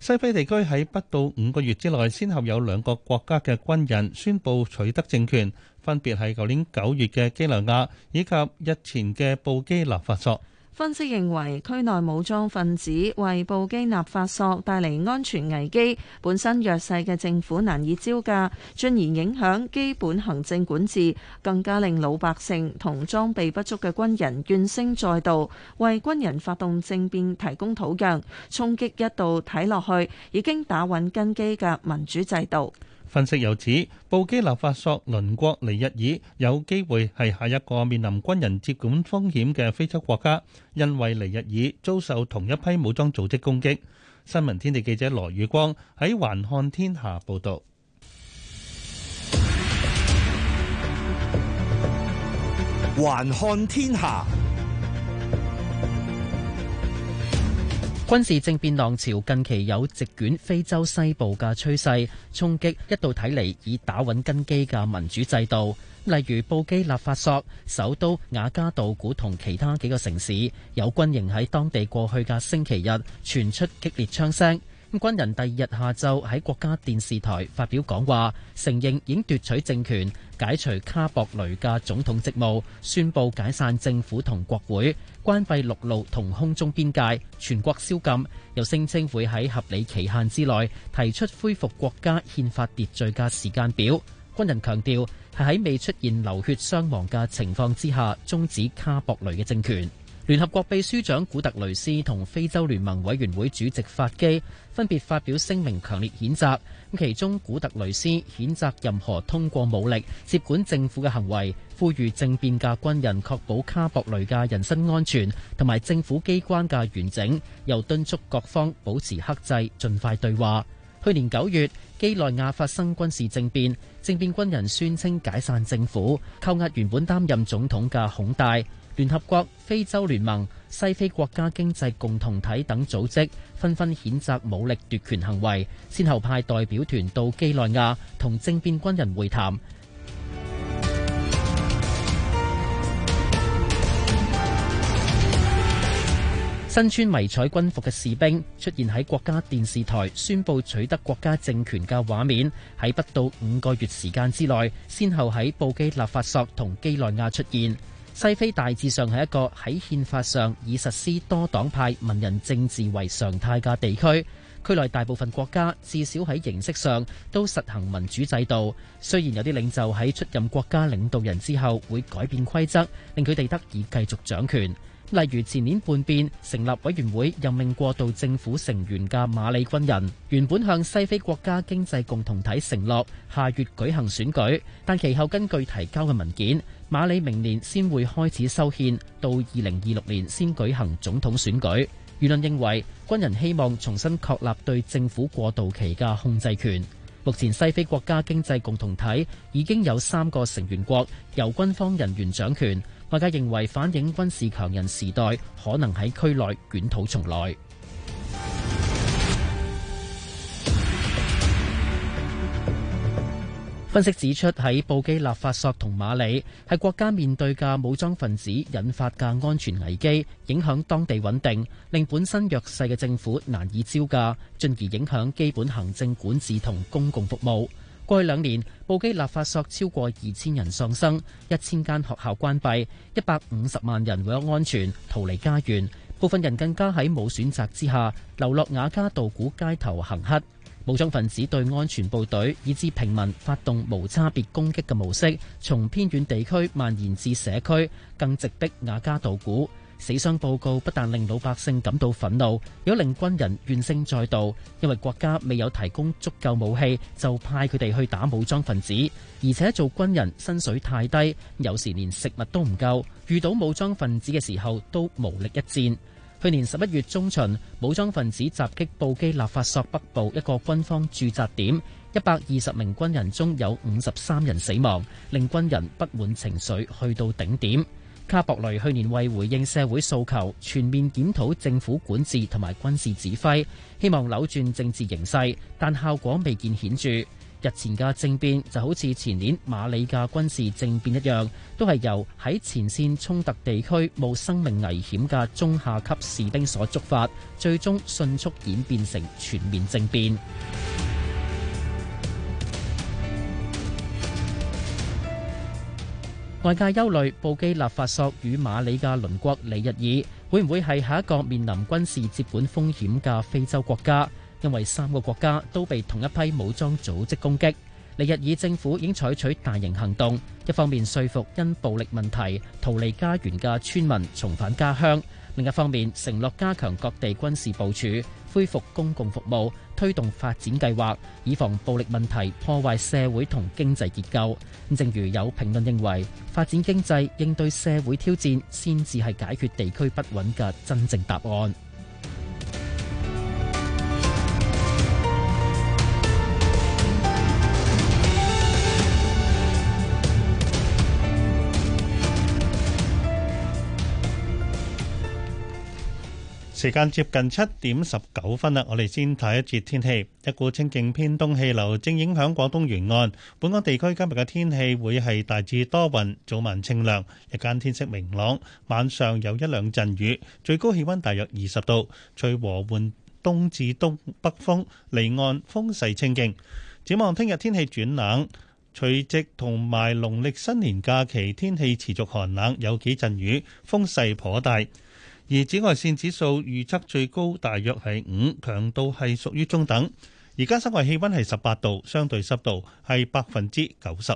西非地區喺不到五個月之內，先後有兩個國家嘅軍人宣布取得政權，分別係舊年九月嘅幾內亞，以及日前嘅布基納法索。分析認為，區內武裝分子為布基納法索帶嚟安全危機，本身弱勢嘅政府難以招架，進而影響基本行政管治，更加令老百姓同裝備不足嘅軍人怨聲載道，為軍人發動政變提供土壤，衝擊一度睇落去已經打穩根基嘅民主制度。分析由此，布基納法索鄰國尼日爾有機會係下一個面臨軍人接管風險嘅非洲國家，因為尼日爾遭受同一批武裝組織攻擊。新聞天地記者羅宇光喺環看天下報導。環看天下。報軍事政變浪潮近期有席卷非洲西部嘅趨勢，衝擊一度睇嚟已打穩根基嘅民主制度，例如布基納法索首都雅加道古同其他幾個城市，有軍營喺當地過去嘅星期日傳出激烈槍聲。軍人第二日下晝喺國家電視台發表講話，承認已經奪取政權，解除卡博雷嘅總統職務，宣佈解散政府同國會，關閉陸路同空中邊界，全國宵禁。又聲稱會喺合理期限之內提出恢復國家憲法秩序嘅時間表。軍人強調係喺未出現流血傷亡嘅情況之下終止卡博雷嘅政權。聯合國秘書長古特雷斯同非洲聯盟委員會主席法基分別發表聲明，強烈譴責。其中，古特雷斯譴責任何通過武力接管政府嘅行為，呼籲政變嘅軍人確保卡博雷嘅人身安全同埋政府機關嘅完整，又敦促各方保持克制，盡快對話。去年九月，幾內亞發生軍事政變，政變軍人宣稱解散政府，扣押原本擔任總統嘅孔戴。聯合國、非洲聯盟、西非國家經濟共同體等組織紛紛譴責武力奪權行為，先後派代表團到基內亞同政變軍人會談。身穿 [music] 迷彩軍服嘅士兵出現喺國家電視台宣佈取得國家政權嘅畫面，喺不到五個月時間之內，先後喺布基納法索同基內亞出現。西非大致上係一個喺憲法上以實施多黨派、文人政治為常態嘅地區，區內大部分國家至少喺形式上都實行民主制度。雖然有啲領袖喺出任國家領導人之後會改變規則，令佢哋得以繼續掌權。例如前年叛變、成立委員會、任命過渡政府成員嘅馬里軍人，原本向西非國家經濟共同體承諾下月舉行選舉，但其後根據提交嘅文件，馬里明年先會開始修憲，到二零二六年先舉行總統選舉。輿論認為，軍人希望重新確立對政府過渡期嘅控制權。目前西非國家經濟共同體已經有三個成員國由軍方人員掌權。外界認為，反映軍事強人時代可能喺區內捲土重來。分析指出，喺布基納法索同馬里，係國家面對嘅武裝分子引發嘅安全危機，影響當地穩定，令本身弱勢嘅政府難以招架，進而影響基本行政管治同公共服務。過去兩年，布基納法索超過二千人喪生，一千間學校關閉，一百五十萬人為咗安全逃離家園，部分人更加喺冇選擇之下，流落瓦加杜古街頭行乞。武裝分子對安全部隊以至平民發動無差別攻擊嘅模式，從偏遠地區蔓延至社區，更直逼瓦加杜古。死傷報告不但令老百姓感到憤怒，又令軍人怨聲載道，因為國家未有提供足夠武器，就派佢哋去打武裝分子，而且做軍人薪水太低，有時連食物都唔夠，遇到武裝分子嘅時候都無力一戰。去年十一月中旬，武裝分子襲擊布基納法索北部一個軍方駐紮點，一百二十名軍人中有五十三人死亡，令軍人不滿情緒去到頂點。卡博雷去年為回應社會訴求，全面檢討政府管治同埋軍事指揮，希望扭轉政治形勢，但效果未見顯著。日前嘅政變就好似前年馬里嘅軍事政變一樣，都係由喺前線衝突地區冇生命危險嘅中下級士兵所觸發，最終迅速演變成全面政變。 [music] 外界憂慮布基納法索與馬里嘅鄰國尼日爾會唔會係下一個面臨軍事接管風險嘅非洲國家？因為三個國家都被同一批武裝組織攻擊，尼日爾政府已經採取大型行動，一方面說服因暴力問題逃離家園嘅村民重返家鄉，另一方面承諾加強各地軍事部署、恢復公共服務、推動發展計劃，以防暴力問題破壞社會同經濟結構。咁正如有評論認為，發展經濟應對社會挑戰，先至係解決地區不穩嘅真正答案。時間接近七點十九分啦，我哋先睇一節天氣。一股清勁偏東氣流正影響廣東沿岸，本港地區今日嘅天氣會係大致多雲，早晚清涼，日間天色明朗，晚上有一兩陣雨，最高氣温大約二十度，隨和緩東至東北風，離岸風勢清勁。展望聽日天氣轉冷，除夕同埋農曆新年假期天氣持續寒冷，有幾陣雨，風勢頗大。而紫外線指數預測最高大約係五，強度係屬於中等。而家室外氣溫係十八度，相對濕度係百分之九十。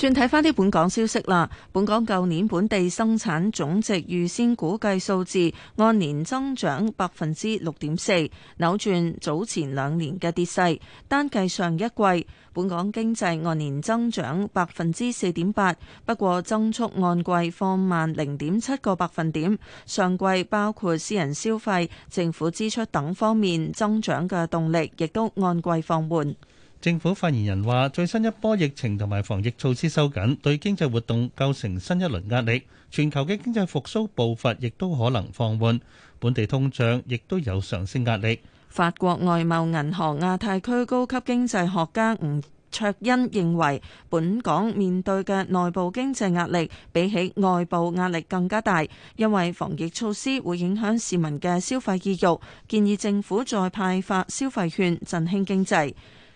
轉睇翻啲本港消息啦。本港舊年本地生產總值預先估計數字按年增長百分之六點四，扭轉早前兩年嘅跌勢。單計上一季，本港經濟按年增長百分之四點八，不過增速按季放慢零點七個百分點。上季包括私人消費、政府支出等方面增長嘅動力，亦都按季放緩。政府發言人話：最新一波疫情同埋防疫措施收緊，對經濟活動構成新一輪壓力。全球嘅經濟復甦步伐亦都可能放緩，本地通脹亦都有上升壓力。法國外貿銀行亞太區高級經濟學家吳卓恩認為，本港面對嘅內部經濟壓力比起外部壓力更加大，因為防疫措施會影響市民嘅消費意欲。建議政府再派發消費券，振興經濟。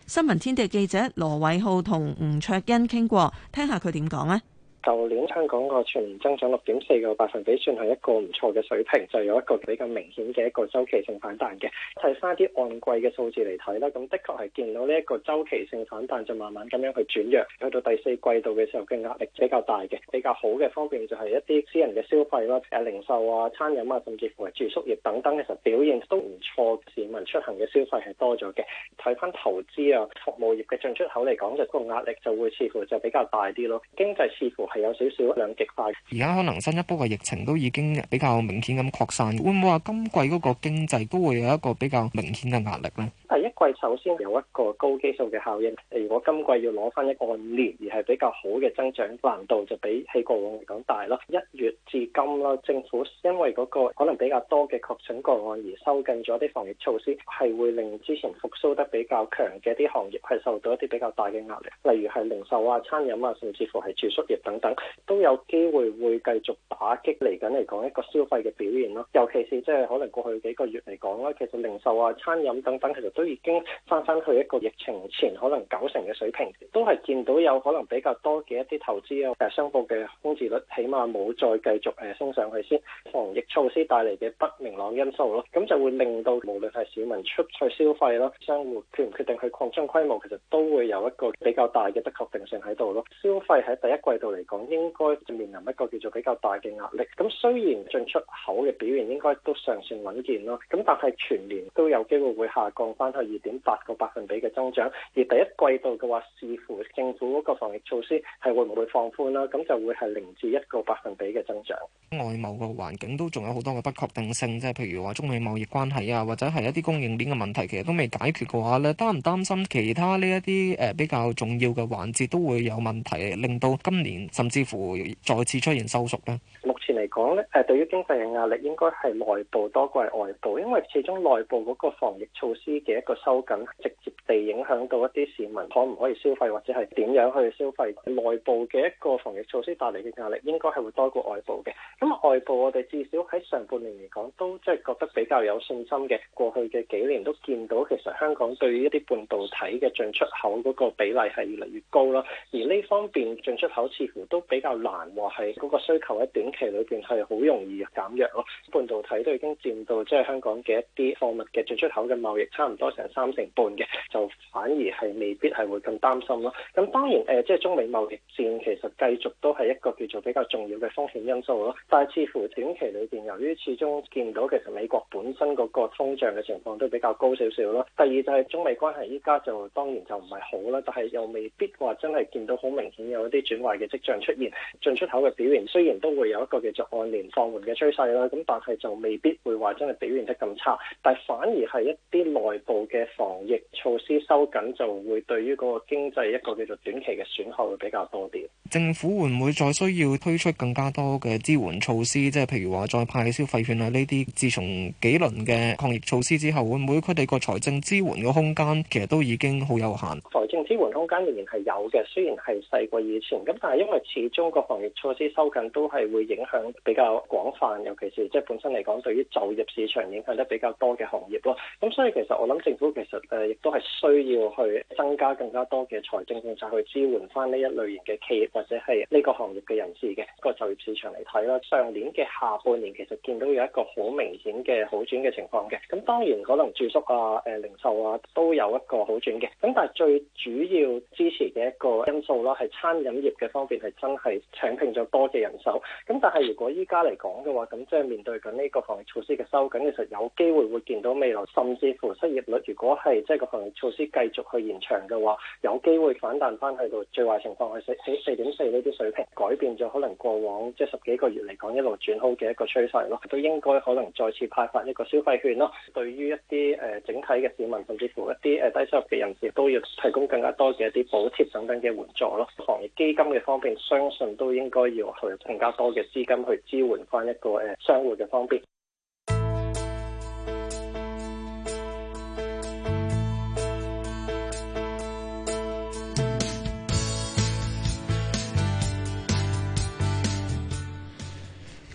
新聞天地記者羅偉浩同吳卓欣傾過，聽下佢點講啊。舊年香港個全年增長六點四個百分比，算係一個唔錯嘅水平，就有一個比較明顯嘅一個周期性反彈嘅。睇翻啲按季嘅數字嚟睇啦，咁的確係見到呢一個周期性反彈就慢慢咁樣去轉弱，去到第四季度嘅時候嘅壓力比較大嘅。比較好嘅方面就係一啲私人嘅消費啦，零售啊、餐飲啊，甚至乎係住宿業等等，其實表現都唔錯，市民出行嘅消費係多咗嘅。睇翻投資啊，服務業嘅進出口嚟講，就個壓力就會似乎就比較大啲咯。經濟似乎～係有少少一兩極化嘅，而家可能新一波嘅疫情都已經比較明顯咁擴散，會唔會話今季嗰個經濟都會有一個比較明顯嘅壓力咧？第一季首先有一個高基數嘅效應，如果今季要攞翻一個按年而係比較好嘅增長，難度就比起過往嚟講大咯。一月至今啦，政府因為嗰個可能比較多嘅確診個案而收緊咗啲防疫措施，係會令之前復甦得比較強嘅啲行業係受到一啲比較大嘅壓力，例如係零售啊、餐飲啊，甚至乎係住宿業等。都有機會會繼續打擊嚟緊嚟講一個消費嘅表現咯，尤其是即係可能過去幾個月嚟講啦。其實零售啊、餐飲等等，其實都已經翻返去一個疫情前可能九成嘅水平，都係見到有可能比較多嘅一啲投資啊，但商鋪嘅空置率起碼冇再繼續誒升上去先。防疫措施帶嚟嘅不明朗因素咯，咁就會令到無論係市民出去消費咯，商戶決唔決定去擴張規模，其實都會有一個比較大嘅不確定性喺度咯。消費喺第一季度嚟講。應該就面臨一個叫做比較大嘅壓力。咁雖然進出口嘅表現應該都尚算穩健咯，咁但係全年都有機會會下降翻去二點八個百分比嘅增長。而第一季度嘅話，視乎政府嗰個防疫措施係會唔會放寬啦，咁就會係零至一個百分比嘅增長。外貿嘅環境都仲有好多嘅不確定性，即係譬如話中美貿易關係啊，或者係一啲供應鏈嘅問題，其實都未解決嘅話咧，擔唔擔心其他呢一啲誒比較重要嘅環節都會有問題，令到今年，甚至乎再次出現收縮啦，目前嚟講咧，誒對於經濟嘅壓力應該係內部多過係外部，因為始終內部嗰個防疫措施嘅一個收緊直接地影響到一啲市民可唔可以消費或者係點樣去消費，內部嘅一個防疫措施帶嚟嘅壓力應該係會多過外部嘅。咁啊，外部我哋至少喺上半年嚟講都即係覺得比較有信心嘅。過去嘅幾年都見到，其實香港對於一啲半導體嘅進出口嗰個比例係越嚟越高啦。而呢方面進出口似乎都比較難話係嗰個需求喺短期裏邊係好容易減弱咯。半導體都已經佔到即係香港嘅一啲貨物嘅進出口嘅貿易差唔多成三成半嘅，就反而係未必係會咁擔心咯。咁當然誒，即係中美貿易戰其實繼續都係一個叫做比較重要嘅風險因素咯。但係似乎短期裏邊，由於始終見到其實美國本身嗰個通脹嘅情況都比較高少少咯。第二就係中美關係依家就當然就唔係好啦，但係又未必話真係見到好明顯有一啲轉壞嘅跡象。出現進出口嘅表現雖然都會有一個叫做按年放緩嘅趨勢啦，咁但係就未必會話真係表現得咁差，但反而係一啲內部嘅防疫措施收緊就會對於嗰個經濟一個叫做短期嘅損耗會比較多啲。政府會唔會再需要推出更加多嘅支援措施？即係譬如話再派消費券啊呢啲？自從幾輪嘅抗疫措施之後會唔會佢哋個財政支援嘅空間其實都已經好有限？財政支援空間仍然係有嘅，雖然係細過以前，咁但係因為。始終個行業措施收緊都係會影響比較廣泛，尤其是即係本身嚟講對於就業市場影響得比較多嘅行業咯。咁所以其實我諗政府其實誒亦都係需要去增加更加多嘅財政政策、即係、去支援返呢一類型嘅企業或者係呢個行業嘅人士嘅個就業市場嚟睇啦。上年嘅下半年其實見到有一個明顯好明顯嘅好轉嘅情況嘅。咁當然可能住宿啊、誒零售啊都有一個好轉嘅。咁但係最主要支持嘅一個因素咯，係餐飲業嘅方面係。真係搶聘咗多嘅人手，咁但係如果依家嚟講嘅話，咁即係面對緊呢個防疫措施嘅收緊，其實有機會會見到未來，甚至乎失業率，如果係即係個防疫措施繼續去延長嘅話，有機會反彈翻去到最壞情況係四四點四呢啲水平，改變咗可能過往即係、就是、十幾個月嚟講一路轉好嘅一個趨勢咯，都應該可能再次派發一個消費券咯，對於一啲誒整體嘅市民，甚至乎一啲誒低收入嘅人士，都要提供更加多嘅一啲補貼等等嘅援助咯，防疫基金嘅方便。相信都應該要去更加多嘅資金去支援翻一個誒商戶嘅方便。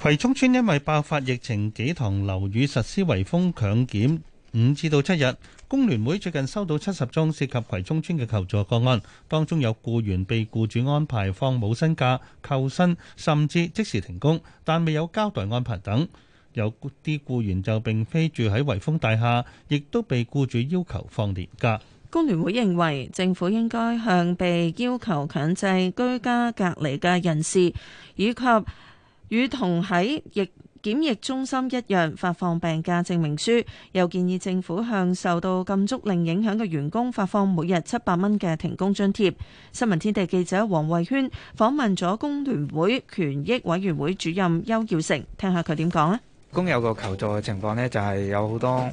葵涌村因為爆發疫情，幾幢樓宇實施圍封強檢。五至到七日，工聯會最近收到七十宗涉及葵涌村嘅求助個案，當中有僱員被僱主安排放冇薪假、扣薪，甚至即時停工，但未有交代安排等。有啲僱員就並非住喺維豐大廈，亦都被僱主要求放年假。工聯會認為政府應該向被要求強制居家隔離嘅人士，以及與同喺疫檢疫中心一樣發放病假證明書，又建議政府向受到禁足令影響嘅員工發放每日七百蚊嘅停工津貼。新聞天地記者黃慧萱訪問咗工聯會權益委員會主任邱耀成，聽下佢點講呢？工友個求助嘅情況呢，就係有好多。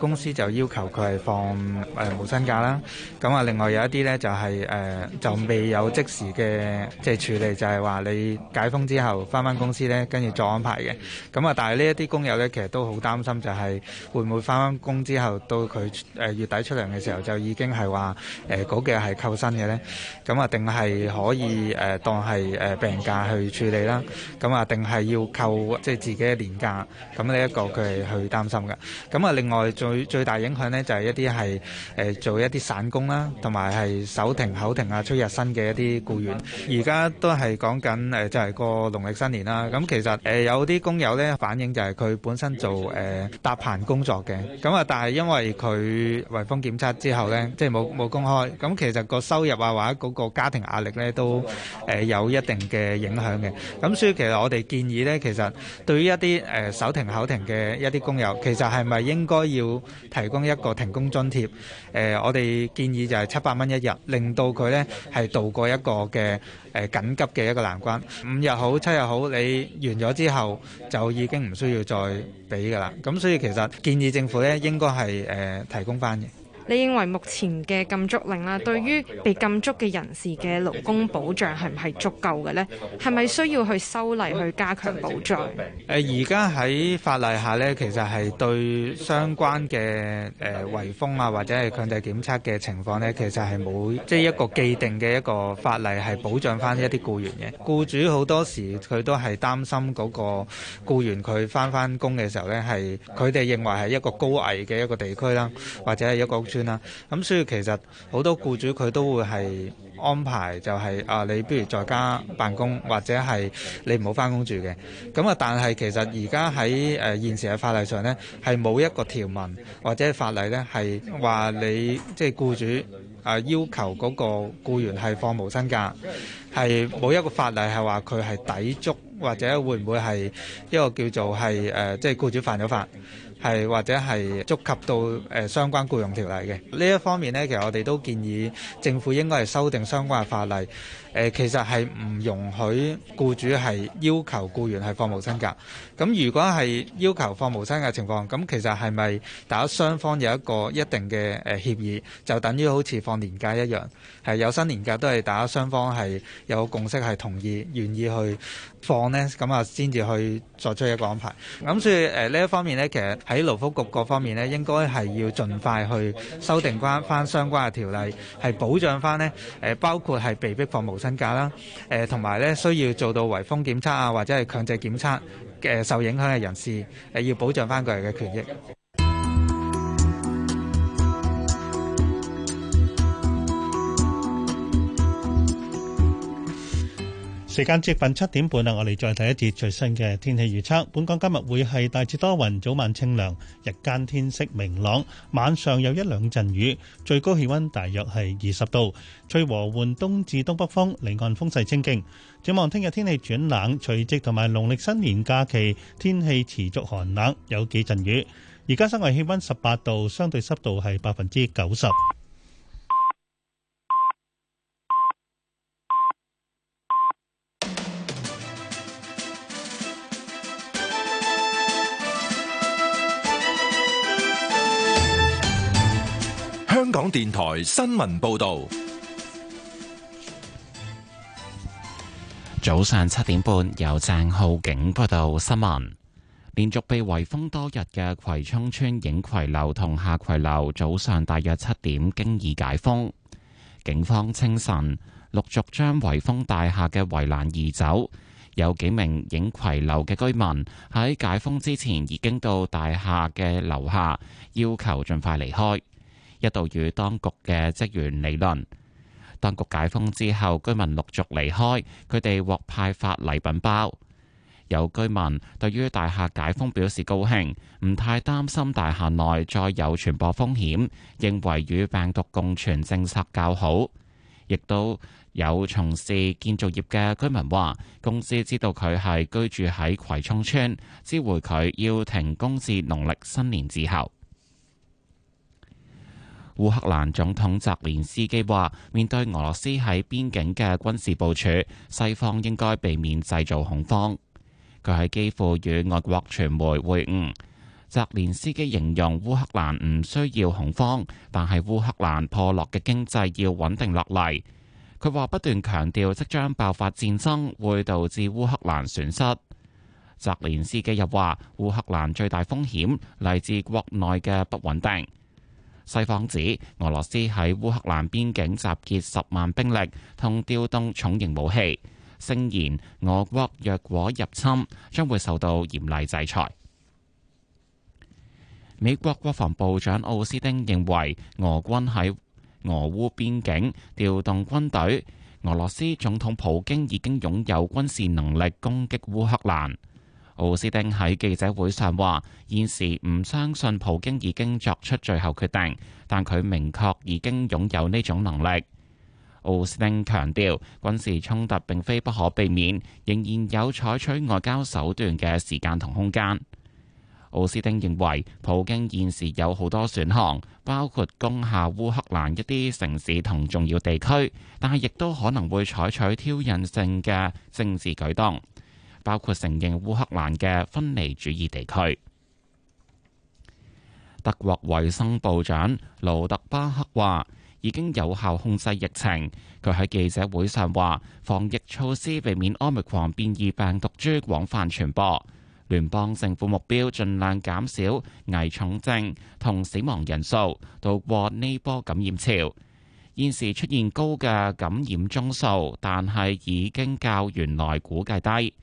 公司就要求佢係放誒、呃、無薪假啦。咁啊，另外有一啲咧就係、是、誒、呃、就未有即時嘅即係處理，就係話你解封之後翻返公司咧，跟住再安排嘅。咁啊，但係呢一啲工友咧，其實都好擔心，就係會唔會翻返工之後到佢誒月底出糧嘅時候，就已經係話誒嗰幾日係扣薪嘅咧？咁啊，定係可以誒、呃、當係誒病假去處理啦？咁啊，定係要扣即係、就是、自己嘅年假？咁呢一個佢係去擔心嘅。咁啊，另外仲～佢最大影響咧就係一啲係誒做一啲散工啦，同埋係手停口停啊，出入新嘅一啲僱員。而家都係講緊誒，就係過農曆新年啦。咁其實誒有啲工友咧反應就係佢本身做誒搭棚工作嘅，咁啊，但係因為佢圍封檢測之後咧，即係冇冇公開，咁其實個收入啊或者個家庭壓力咧都誒有一定嘅影響嘅。咁所以其實我哋建議咧，其實對於一啲誒手停口停嘅一啲工友，其實係咪應該要提供一個停工津貼，誒、呃，我哋建議就係七百蚊一日，令到佢呢係度過一個嘅誒、呃、緊急嘅一個難關，五日好、七日好，你完咗之後就已經唔需要再畀㗎喇。咁所以其實建議政府呢應該係誒提供返嘅。你認為目前嘅禁足令啦，對於被禁足嘅人士嘅勞工保障係唔係足夠嘅呢？係咪需要去修例去加強保障？誒，而家喺法例下呢，其實係對相關嘅誒圍封啊，或者係強制檢測嘅情況呢，其實係冇即係一個既定嘅一個法例係保障翻呢一啲僱員嘅。僱主好多時佢都係擔心嗰個僱員佢翻返工嘅時候呢，係佢哋認為係一個高危嘅一個地區啦，或者係一個啦，咁、嗯、所以其實好多僱主佢都會係安排、就是，就係啊，你不如在家辦公，或者係你唔好翻工住嘅。咁啊，但係其實而家喺誒現時嘅法例上呢，係冇一個條文或者法例呢係話你即係、就是、僱主啊要求嗰個僱員係放無薪假，係冇一個法例係話佢係抵觸，或者會唔會係一個叫做係誒即係僱主犯咗法？係或者係觸及到誒、呃、相關僱傭條例嘅呢一方面呢，其實我哋都建議政府應該係修訂相關嘅法例。誒、呃，其實係唔容許僱主係要求僱員係放無薪假。咁如果係要求放無薪嘅情況，咁其實係咪大家雙方有一個一定嘅誒協議，就等於好似放年假一樣？係有薪年假都係大家雙方係有共識係同意願意去。放呢，咁啊先至去作出一個安排。咁所以誒呢、呃、一方面呢，其實喺勞福局各方面呢，應該係要盡快去修訂關翻相關嘅條例，係保障翻呢誒，包括係被逼放無薪假啦，誒同埋呢需要做到圍封檢測啊，或者係強制檢測嘅、呃、受影響嘅人士，誒、呃、要保障翻佢哋嘅權益。時間接近七點半啦，我哋再睇一節最新嘅天氣預測。本港今日會係大致多雲，早晚清涼，日間天色明朗，晚上有一兩陣雨，最高氣溫大約係二十度，吹和緩東至東北風，離岸風勢清勁。展望聽日天氣轉冷，除夕同埋農曆新年假期天氣持續寒冷，有幾陣雨。而家室外氣溫十八度，相對濕度係百分之九十。香港電台新聞報道，早上七點半由鄭浩景報道新聞。連續被圍封多日嘅葵涌村影葵樓同下葵樓，早上大約七點經已解封。警方清晨陸續將圍封大廈嘅圍欄移走。有幾名影葵樓嘅居民喺解封之前已經到大廈嘅樓下要求盡快離開。一度與當局嘅職員理論。當局解封之後，居民陸續離開，佢哋獲派發禮品包。有居民對於大廈解封表示高興，唔太擔心大廈內再有傳播風險，認為與病毒共存政策較好。亦都有從事建造業嘅居民話，公司知道佢係居住喺葵涌村，知會佢要停工至農曆新年之後。烏克蘭總統澤連斯基話：面對俄羅斯喺邊境嘅軍事部署，西方應該避免製造恐慌。佢喺基輔與外國傳媒會晤。澤連斯基形容烏克蘭唔需要恐慌，但係烏克蘭破落嘅經濟要穩定落嚟。佢話不斷強調即將爆發戰爭會導致烏克蘭損失。澤連斯基又話：烏克蘭最大風險嚟自國內嘅不穩定。西方指俄羅斯喺烏克蘭邊境集結十萬兵力，同調動重型武器，聲言俄國若果入侵，將會受到嚴厲制裁。美國國防部長奧斯丁認為俄俄、俄軍喺俄烏邊境調動軍隊，俄羅斯總統普京已經擁有軍事能力攻擊烏克蘭。奧斯丁喺記者會上話：現時唔相信普京已經作出最後決定，但佢明確已經擁有呢種能力。奧斯丁強調，軍事衝突並非不可避免，仍然有採取外交手段嘅時間同空間。奧斯丁認為，普京現時有好多選項，包括攻下烏克蘭一啲城市同重要地區，但係亦都可能會採取挑釁性嘅政治舉動。包括承認烏克蘭嘅分離主義地區。德國衛生部長盧特巴克話已經有效控制疫情。佢喺記者會上話，防疫措施避免奧密克戎變異病毒株廣泛傳播。聯邦政府目標盡量減少危重症同死亡人數，度過呢波感染潮。現時出現高嘅感染宗數，但係已經較原來估計低。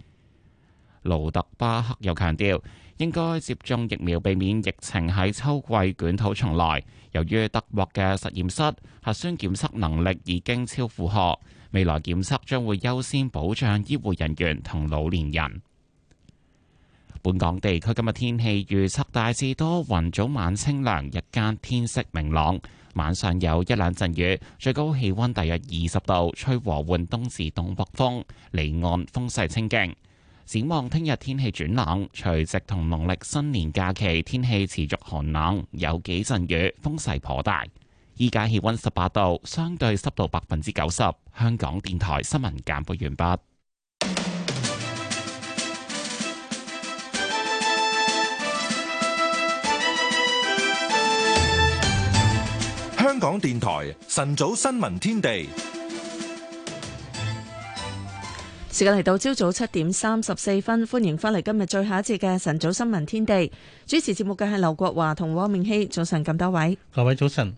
盧特巴克又強調，應該接種疫苗，避免疫情喺秋季捲土重來。由於德國嘅實驗室核酸檢測能力已經超負荷，未來檢測將會優先保障醫護人員同老年人。本港地區今日天氣預測大致多雲，雲早晚清涼，日間天色明朗，晚上有一兩陣雨，最高氣溫大約二十度，吹和緩東至東北風，離岸風勢清勁。展望聽日天氣轉冷，除夕同農曆新年假期天氣持續寒冷，有幾陣雨，風勢頗大。依家氣温十八度，相對濕度百分之九十。香港電台新聞簡報完畢。香港電台晨早新聞天地。時間嚟到朝早七點三十四分，歡迎翻嚟今日最後一節嘅晨早新聞天地。主持節目嘅係劉國華同汪明熙。早晨咁多位，各位早晨。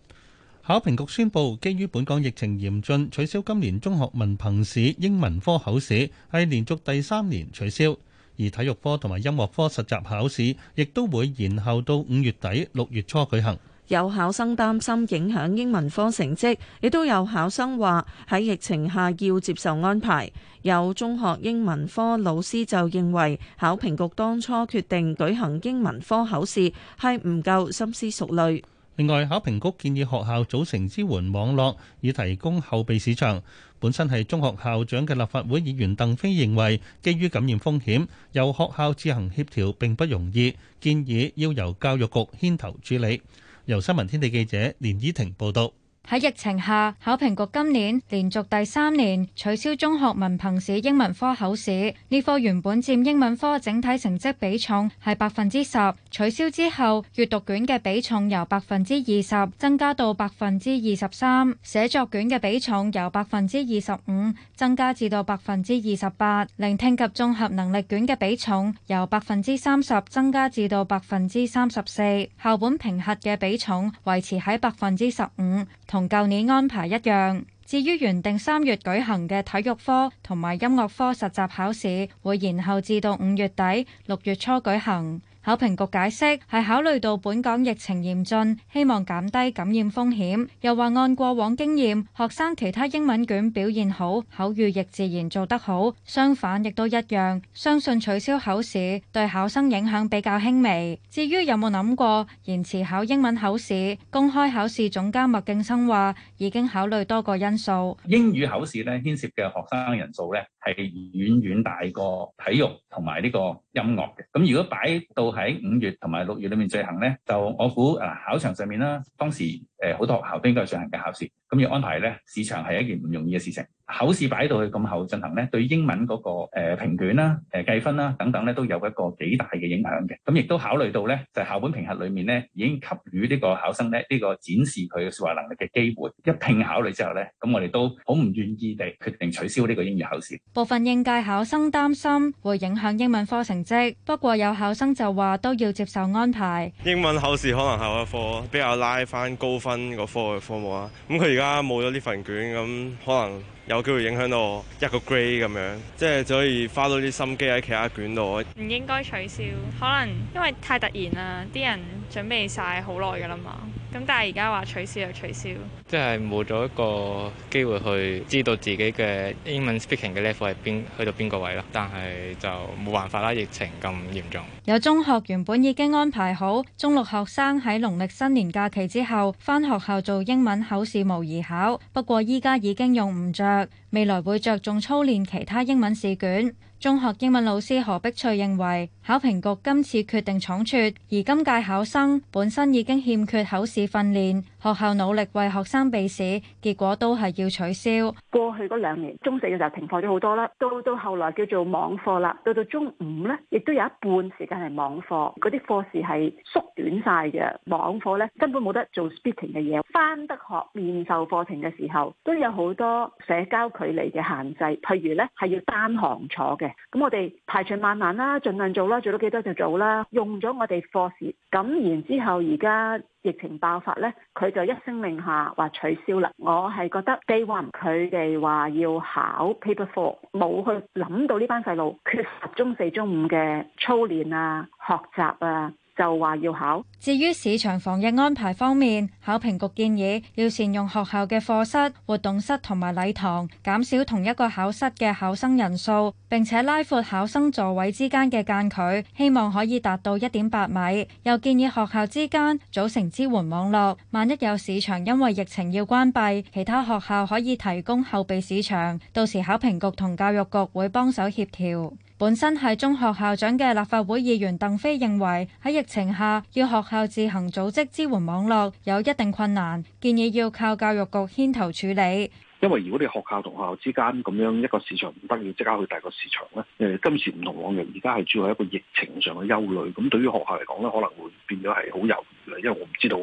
考評局宣布，基於本港疫情嚴峻，取消今年中學文憑試英文科考試，係連續第三年取消，而體育科同埋音樂科實習考試亦都會延後到五月底六月初舉行。有考生擔心影響英文科成績，亦都有考生話喺疫情下要接受安排。有中學英文科老師就認為，考評局當初決定舉行英文科考試係唔夠深思熟慮。另外，考評局建議學校組成支援網絡，以提供後備市場。本身係中學校長嘅立法會議員鄧飛認為，基於感染風險，由學校自行協調並不容易，建議要由教育局牽頭處理。由新聞天地記者連依婷報道。喺疫情下，考評局今年連續第三年取消中學文憑試英文科口試。呢科原本佔英文科整體成績比重係百分之十，取消之後，閱讀卷嘅比重由百分之二十增加到百分之二十三，寫作卷嘅比重由百分之二十五增加至到百分之二十八，聆聽及綜合能力卷嘅比重由百分之三十增加至到百分之三十四，校本評核嘅比重維持喺百分之十五。同舊年安排一樣，至於原定三月舉行嘅體育科同埋音樂科實習考試，會延後至到五月底、六月初舉行。考評局解釋係考慮到本港疫情嚴峻，希望減低感染風險。又話按過往經驗，學生其他英文卷表現好，口語亦自然做得好；相反亦都一樣。相信取消口試對考生影響比較輕微。至於有冇諗過延遲考英文口試？公開考試總監麥敬生話已經考慮多個因素。英語口試咧牽涉嘅學生人數咧係遠遠大過體育同埋呢個音樂嘅。咁如果擺到喺五月同埋六月裏面進行咧，就我估啊考場上面啦，當時。誒好多學校都應該係進行嘅考試，咁要安排咧，市場係一件唔容易嘅事情。考試擺到去咁後進行咧，對英文嗰、那個誒、呃、評卷啦、啊、誒、呃、計分啦、啊、等等咧，都有一個幾大嘅影響嘅。咁亦都考慮到咧，就係、校本評核裡面咧，已經給予呢個考生咧呢、這個展示佢嘅説話能力嘅機會。一拼考慮之後咧，咁我哋都好唔願意地決定取消呢個英語考試。部分應屆考生擔心會影響英文科成績，不過有考生就話都要接受安排。英文考試可能考一科比較拉翻高分。分個科嘅科目啊，咁佢而家冇咗呢份卷，咁可能有機會影響到我一個 grade 咁樣，即係就可以花到啲心機喺其他卷度。唔應該取消，可能因為太突然啦，啲人準備晒好耐㗎啦嘛。咁但係而家話取消就取消，即係冇咗一個機會去知道自己嘅英文 speaking 嘅 level 係邊，去到邊個位咯。但係就冇辦法啦，疫情咁嚴重。有中學原本已經安排好中六學生喺農曆新年假期之後返學校做英文考試模擬考，不過依家已經用唔着，未來會着重操練其他英文試卷。中學英文老師何碧翠認為，考評局今次決定倉促，而今屆考生本身已經欠缺口試訓練。學校努力為學生備試，結果都係要取消。過去嗰兩年，中四嘅時候停課咗好多啦。到到後來叫做網課啦，到到中五呢，亦都有一半時間係網課。嗰啲課時係縮短晒嘅，網課呢，根本冇得做 speaking 嘅嘢。返得學面授課程嘅時候，都有好多社交距離嘅限制，譬如呢係要單行坐嘅。咁我哋排除萬難啦，盡量做啦，做到幾多就做啦。用咗我哋課時咁，然之後而家。疫情爆發呢，佢就一聲令下話取消啦。我係覺得，day one 佢哋話要考 paper four，冇去諗到呢班細路缺乏中四、中五嘅操練啊、學習啊。就話要考。至於試場防疫安排方面，考評局建議要善用學校嘅課室、活動室同埋禮堂，減少同一個考室嘅考生人數，並且拉闊考生座位之間嘅間距，希望可以達到一點八米。又建議學校之間組成支援網絡，萬一有試場因為疫情要關閉，其他學校可以提供後備試場。到時考評局同教育局會幫手協調。本身係中學校長嘅立法會議員鄧飛認為，喺疫情下，要學校自行組織支援網絡有一定困難，建議要靠教育局牽頭處理。因為如果你學校同學校之間咁樣一個市場唔得，要即刻去大個市場咧，誒、呃、今次唔同往日，而家係主要一個疫情上嘅憂慮，咁對於學校嚟講咧，可能會變咗係好猶豫啦，因為我唔知道。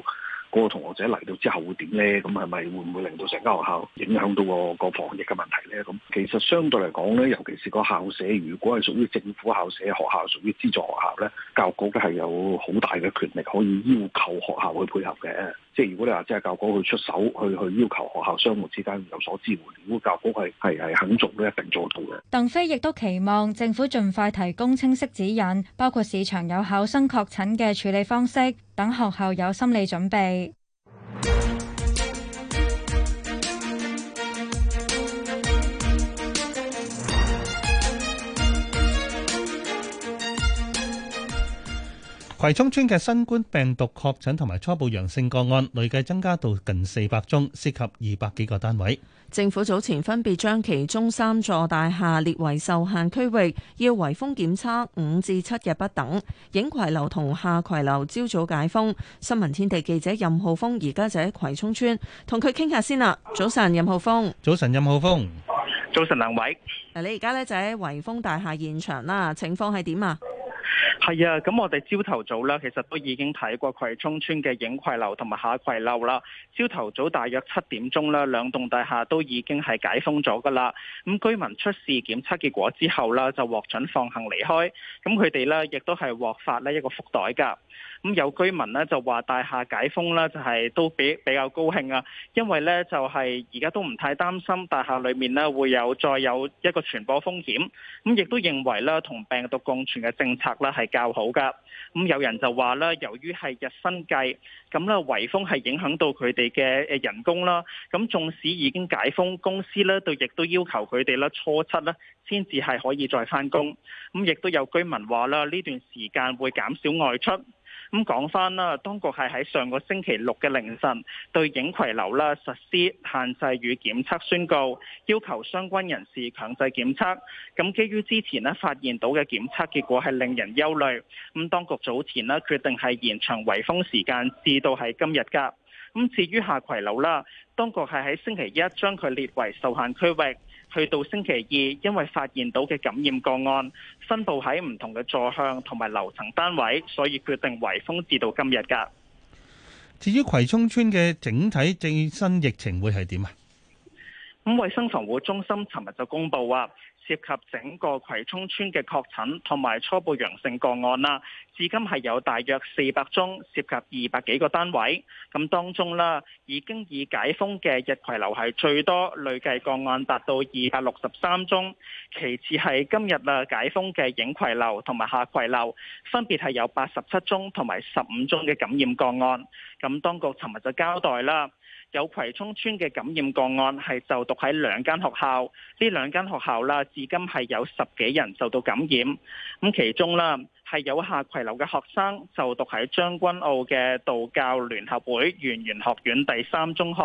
個同學仔嚟到之後會點呢？咁係咪會唔會令到成間學校影響到個個防疫嘅問題呢？咁其實相對嚟講呢，尤其是個校舍，如果係屬於政府校舍，學校屬於資助學校呢，教育局係有好大嘅權力可以要求學校去配合嘅。即係如果你話即係教局去出手去去要求學校相互之間有所支援，咁教局係係係，肯做，都一定做到嘅。鄧飛亦都期望政府盡快提供清晰指引，包括市場有考生確診嘅處理方式，等學校有心理準備。葵涌村嘅新冠病毒確診同埋初步陽性個案累計增加到近四百宗，涉及二百幾個單位。政府早前分別將其中三座大廈列為受限區域，要圍封檢測五至七日不等。影葵樓同下葵樓朝早解封。新聞天地記者任浩峰而家就喺葵涌村同佢傾下先啦。早晨，任浩峰。早晨，任浩峰。早晨，兩位，你而家咧就喺圍封大廈現場啦，情況係點啊？係啊，咁我哋朝頭早咧，其實都已經睇過葵涌村嘅影葵樓同埋下葵樓啦。朝頭早大約七點鐘啦，兩棟大廈都已經係解封咗噶啦。咁居民出示檢測結果之後咧，就獲准放行離開。咁佢哋呢，亦都係獲發呢一個福袋噶。咁有居民呢，就話大廈解封啦，就係都比比較高興啊，因為呢，就係而家都唔太擔心大廈裏面呢，會有再有一個傳播風險。咁亦都認為呢，同病毒共存嘅政策啦。係較好噶，咁、嗯、有人就話啦，由於係日薪計，咁咧圍封係影響到佢哋嘅誒人工啦。咁縱使已經解封，公司咧都亦都要求佢哋咧初七咧先至係可以再返工。咁、嗯、亦都有居民話啦，呢段時間會減少外出。咁講翻啦，當局係喺上個星期六嘅凌晨對映葵樓啦實施限制與檢測宣告，要求相關人士強制檢測。咁基於之前呢發現到嘅檢測結果係令人憂慮，咁當局早前呢決定係延長圍封時間至到係今日㗎。咁至於夏葵樓啦，當局係喺星期一將佢列為受限區域。去到星期二，因為發現到嘅感染個案分布喺唔同嘅座向同埋樓層單位，所以決定圍封至到今日噶。至於葵涌村嘅整體最新疫情會係點啊？咁衛生防護中心尋日就公布啊。涉及整個葵涌村嘅確診同埋初步陽性個案啦，至今係有大約四百宗，涉及二百幾個單位。咁當中啦，已經已解封嘅逸葵樓係最多，累計個案達到二百六十三宗，其次係今日啊解封嘅映葵樓同埋夏葵樓，分別係有八十七宗同埋十五宗嘅感染個案。咁當局尋日就交代啦。有葵涌村嘅感染個案係就讀喺兩間學校，呢兩間學校啦，至今係有十幾人受到感染。咁其中啦，係有夏葵樓嘅學生就讀喺將軍澳嘅道教聯合會圓玄學院第三中學。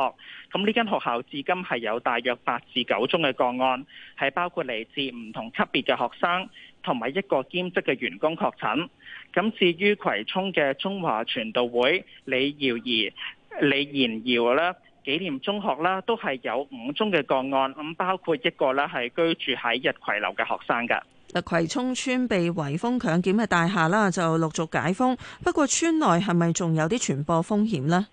咁呢間學校至今係有大約八至九宗嘅個案，係包括嚟自唔同級別嘅學生，同埋一個兼職嘅員工確診，咁至於葵涌嘅中華傳道會李耀儀。李賢堯啦，紀念中學啦，都係有五宗嘅個案，咁包括一個啦係居住喺日葵樓嘅學生噶。葵涌村被圍封強檢嘅大廈啦，就陸續解封，不過村內係咪仲有啲傳播風險呢？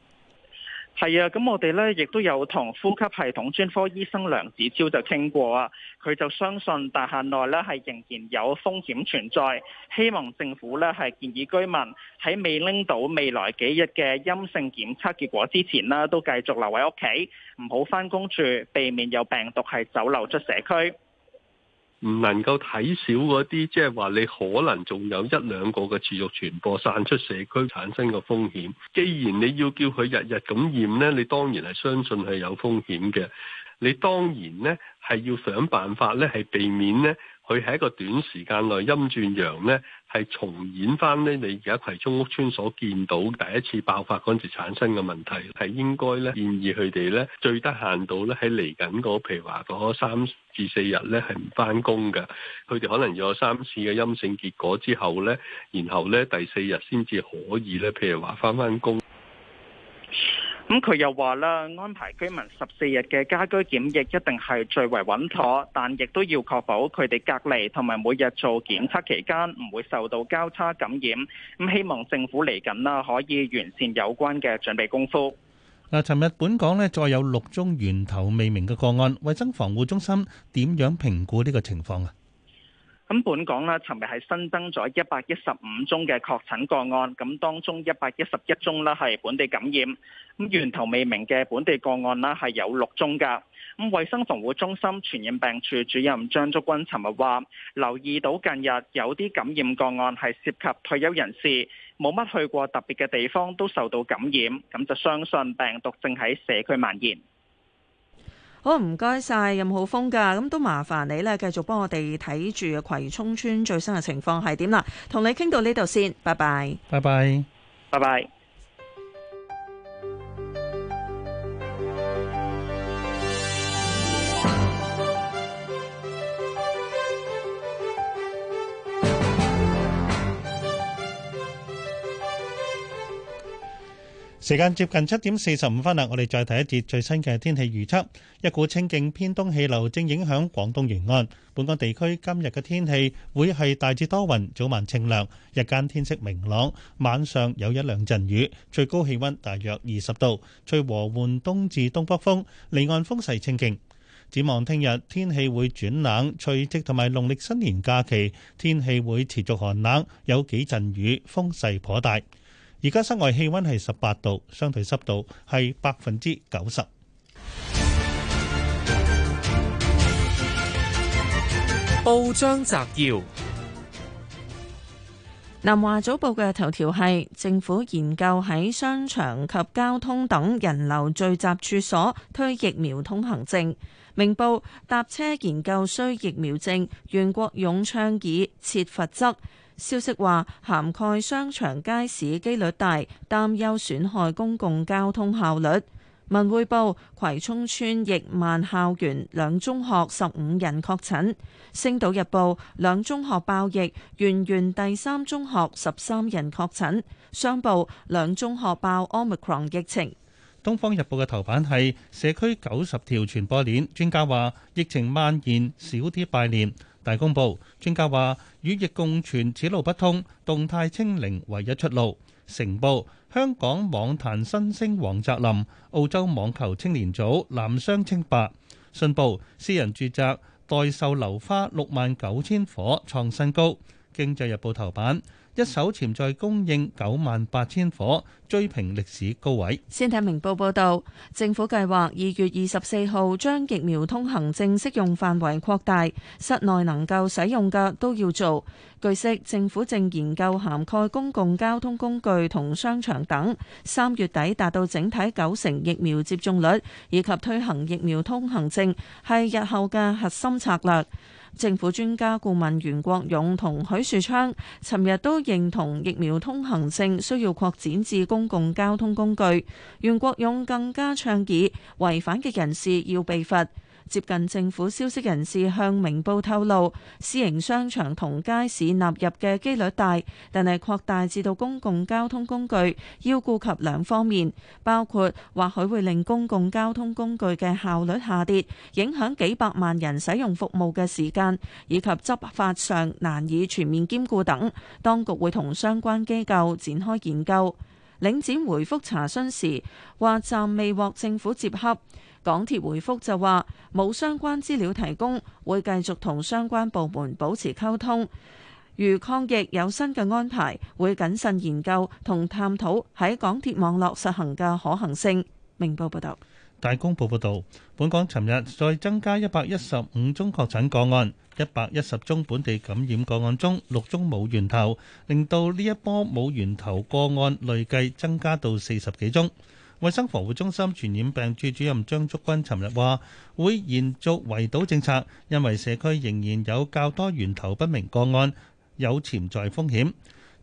係啊，咁我哋咧亦都有同呼吸系統專科醫生梁子超就傾過啊，佢就相信大廈內咧係仍然有風險存在，希望政府咧係建議居民喺未拎到未來幾日嘅陰性檢測結果之前啦，都繼續留喺屋企，唔好返工住，避免有病毒係走漏出社區。唔能夠睇少嗰啲，即係話你可能仲有一兩個嘅持續傳播，散出社區產生嘅風險。既然你要叫佢日日咁驗咧，你當然係相信係有風險嘅。你當然咧，係要想辦法咧，係避免咧。佢喺一個短時間內陰轉陽呢，係重演翻呢，你而家葵涌屋村所見到第一次爆發嗰陣時產生嘅問題，係應該呢，建議佢哋呢最得限度呢喺嚟緊嗰，譬如話嗰三至四日呢係唔翻工㗎，佢哋可能有三次嘅陰性結果之後呢，然後呢第四日先至可以呢，譬如話翻翻工。咁佢又話啦，安排居民十四日嘅家居檢疫一定係最為穩妥，但亦都要確保佢哋隔離同埋每日做檢測期間唔會受到交叉感染。咁希望政府嚟緊啦，可以完善有關嘅準備功夫。嗱，尋日本港咧再有六宗源頭未明嘅個案，衛生防護中心點樣評估呢個情況啊？咁本港呢，尋日係新增咗一百一十五宗嘅確診個案，咁當中一百一十一宗呢，係本地感染，咁源頭未明嘅本地個案呢，係有六宗㗎。咁衞生防護中心傳染病處主任張竹君尋日話：留意到近日有啲感染個案係涉及退休人士，冇乜去過特別嘅地方都受到感染，咁就相信病毒正喺社區蔓延。好，唔該晒任浩峰噶，咁都麻煩你咧，繼續幫我哋睇住葵涌村最新嘅情況係點啦，同你傾到呢度先，拜拜，拜拜，拜拜。時間接近七點四十五分啦，我哋再睇一節最新嘅天氣預測。一股清勁偏東氣流正影響廣東沿岸，本港地區今日嘅天氣會係大致多雲，早晚清涼，日間天色明朗，晚上有一兩陣雨，最高氣温大約二十度，吹和緩東至東北風，離岸風勢清勁。展望聽日天，天氣會轉冷，除夕同埋農曆新年假期天氣會持續寒冷，有幾陣雨，風勢頗大。而家室外氣溫係十八度，相對濕度係百分之九十。報章摘要，南華早報嘅頭條係政府研究喺商場及交通等人流聚集處所推疫苗通行證。明報搭車研究需疫苗證，袁國勇倡議設罰則。消息話涵蓋商場街市機率大，擔憂損害公共交通效率。文匯報葵涌邨逸萬校園兩中學十五人確診。星島日報兩中學爆疫，元園第三中學十三人確診。商報兩中學爆 omicron 疫情。東方日報嘅頭版係社區九十條傳播鏈，專家話疫情蔓延少啲拜年。大公報，專家話與疫共存，此路不通，動態清零唯一出路。成報香港網壇新星黃澤林，澳洲網球青年組男雙稱霸。信報私人住宅待售樓花六萬九千夥創新高。經濟日報頭版。一手潛在供應九萬八千伙，追平歷史高位。先睇明報報道，政府計劃二月二十四號將疫苗通行證適用範圍擴大，室內能夠使用嘅都要做。據悉，政府正研究涵蓋公共交通工具同商場等。三月底達到整體九成疫苗接種率，以及推行疫苗通行證係日後嘅核心策略。政府專家顧問袁國勇同許樹昌尋日都認同疫苗通行證需要擴展至公共交通工具。袁國勇更加倡議違反嘅人士要被罰。接近政府消息人士向明報透露，私營商場同街市納入嘅幾率大，但係擴大至到公共交通工具，要顧及兩方面，包括或許會令公共交通工具嘅效率下跌，影響幾百萬人使用服務嘅時間，以及執法上難以全面兼顧等。當局會同相關機構展開研究。領展回覆查詢時話，暫未獲政府接洽。港鐵回覆就話冇相關資料提供，會繼續同相關部門保持溝通。如抗疫有新嘅安排，會謹慎研究同探討喺港鐵網絡實行嘅可行性。明報報道，大公報報道，本港尋日再增加一百一十五宗確診個案，一百一十宗本地感染個案中，六宗冇源頭，令到呢一波冇源頭個案累計增加到四十幾宗。衛生防護中心傳染病處主任張竹君尋日話，會延續圍堵政策，因為社區仍然有較多源頭不明個案，有潛在風險。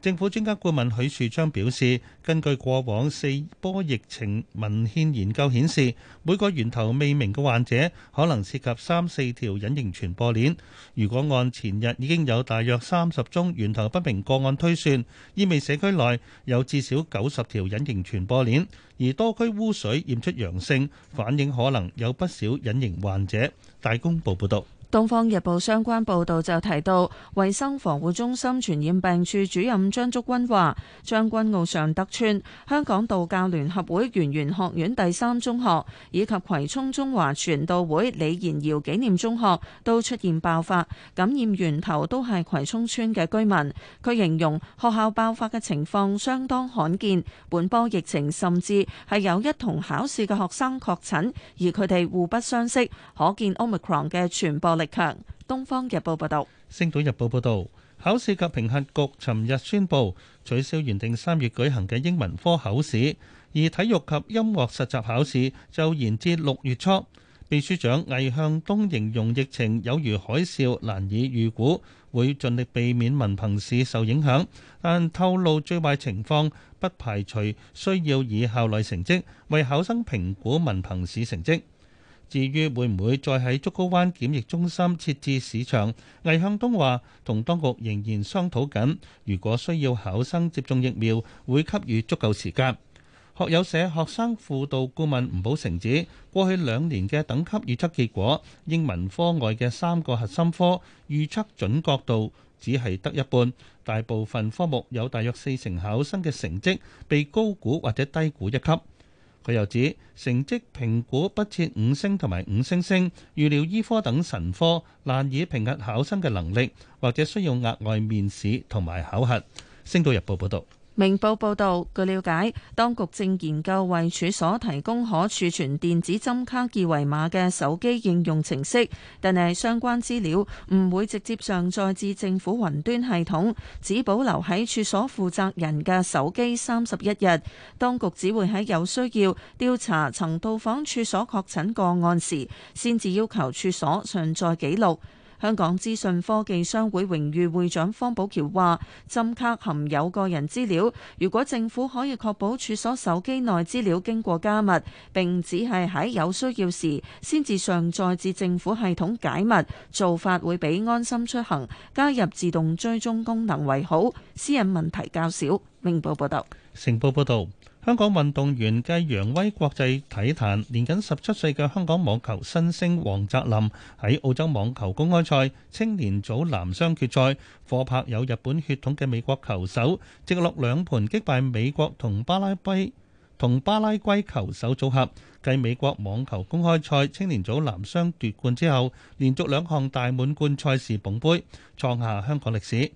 政府專家顧問許樹昌表示，根據過往四波疫情文獻研究顯示，每個源頭未明嘅患者可能涉及三四條隱形傳播鏈。如果按前日已經有大約三十宗源頭不明個案推算，意味社區內有至少九十條隱形傳播鏈。而多區污水驗出陽性，反映可能有不少隱形患者。大公報報道。《東方日報》相關報導就提到，衛生防護中心傳染病處主任張竹君話，將軍澳尚德邨、香港道教聯合會圓玄學院第三中學以及葵涌中華傳道會李賢堯紀念中學都出現爆發，感染源頭都係葵涌村嘅居民。佢形容學校爆發嘅情況相當罕見，本波疫情甚至係有一同考試嘅學生確診，而佢哋互不相識，可見 Omicron 嘅傳播力。強《東方日報》報道，《星島日報》報道，考試及評核局尋日宣布取消原定三月舉行嘅英文科考試，而體育及音樂實習考試就延至六月初。秘書長魏向東形容疫情有如海嘯，難以預估，會盡力避免文憑試受影響，但透露最壞情況不排除需要以校內成績為考生評估文憑試成績。至於會唔會再喺竹篙灣檢疫中心設置試場？魏向東話：同當局仍然商討緊，如果需要考生接種疫苗，會給予足夠時間。學友社學生輔導顧問吳寶成指，過去兩年嘅等級預測結果，英文科外嘅三個核心科預測準確度只係得一半，大部分科目有大約四成考生嘅成績被高估或者低估一級。佢又指，成績評估不設五星同埋五星星，預料醫科等神科難以評核考生嘅能力，或者需要額外面試同埋考核。星島日報報導。明報報導，據了解，當局正研究為處所提供可儲存電子針卡二維碼嘅手機應用程式，但係相關資料唔會直接上載至政府雲端系統，只保留喺處所負責人嘅手機三十一日。當局只會喺有需要調查曾到訪處所確診個案時，先至要求處所上載記錄。香港資訊科技商會榮譽會長方保僑話，針卡含有個人資料，如果政府可以確保處所手機內資料經過加密，並只係喺有需要時先至上載至政府系統解密，做法會比安心出行加入自動追蹤功能為好，私隱問題較少。明報報導，成報報導。香港運動員繼揚威國際體壇，年僅十七歲嘅香港網球新星黃澤林喺澳洲網球公開賽青年組男雙決賽夥拍有日本血統嘅美國球手，直落兩盤擊敗美國同巴拉圭同巴拉圭球手組合，繼美國網球公開賽青年組男雙奪冠之後，連續兩項大滿貫賽事捧杯，創下香港歷史。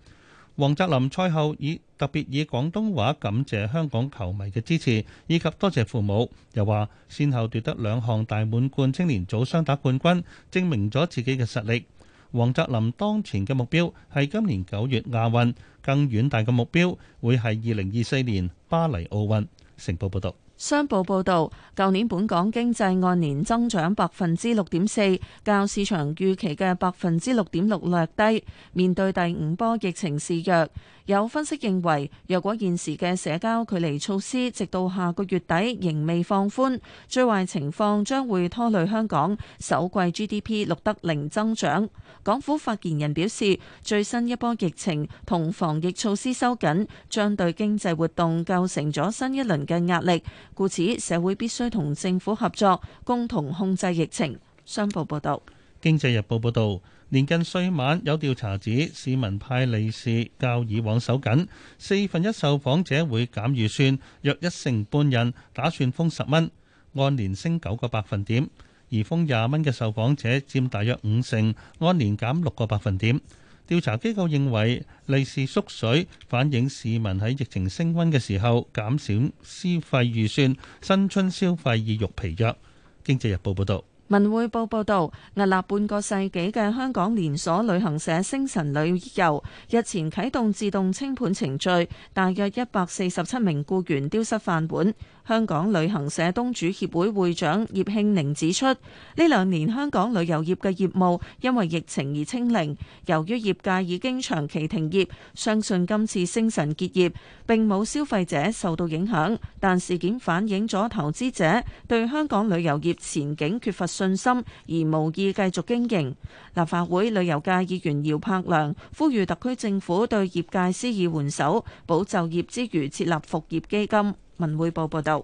王澤林賽後以特別以廣東話感謝香港球迷嘅支持，以及多謝父母。又話先後奪得兩項大滿貫青年組雙打冠軍，證明咗自己嘅實力。王澤林當前嘅目標係今年九月亞運，更遠大嘅目標會係二零二四年巴黎奧運。成報報道。商報報道，舊年本港經濟按年增長百分之六點四，較市場預期嘅百分之六點六略低。面對第五波疫情肆虐，有分析認為，若果現時嘅社交距離措施直到下個月底仍未放寬，最壞情況將會拖累香港首季 GDP 錄得零增長。港府發言人表示，最新一波疫情同防疫措施收緊，將對經濟活動構成咗新一輪嘅壓力。故此，社會必須同政府合作，共同控制疫情。商報報導，《經濟日報》報導，年近歲晚有調查指，市民派利是較以往手緊，四分一受訪者會減預算，約一成半人打算封十蚊，按年升九個百分點；而封廿蚊嘅受訪者佔大約五成，按年減六個百分點。調查機構認為利是縮水，反映市民喺疫情升溫嘅時候減少消費預算，新春消費意欲疲弱。《經濟日報》報道，文匯報報道，屹立半個世紀嘅香港連鎖旅行社星晨旅遊日前啟動自動清盤程序，大約一百四十七名僱員丟失飯碗。香港旅行社東主協會會長葉慶寧指出，呢兩年香港旅遊業嘅業務因為疫情而清零，由於業界已經長期停業，相信今次星晨結業並冇消費者受到影響。但事件反映咗投資者對香港旅遊業前景缺乏信心，而無意繼續經營。立法會旅遊界議員姚柏良呼籲特區政府對業界施以援手，保就業之餘設立復業基金。文匯報報道，《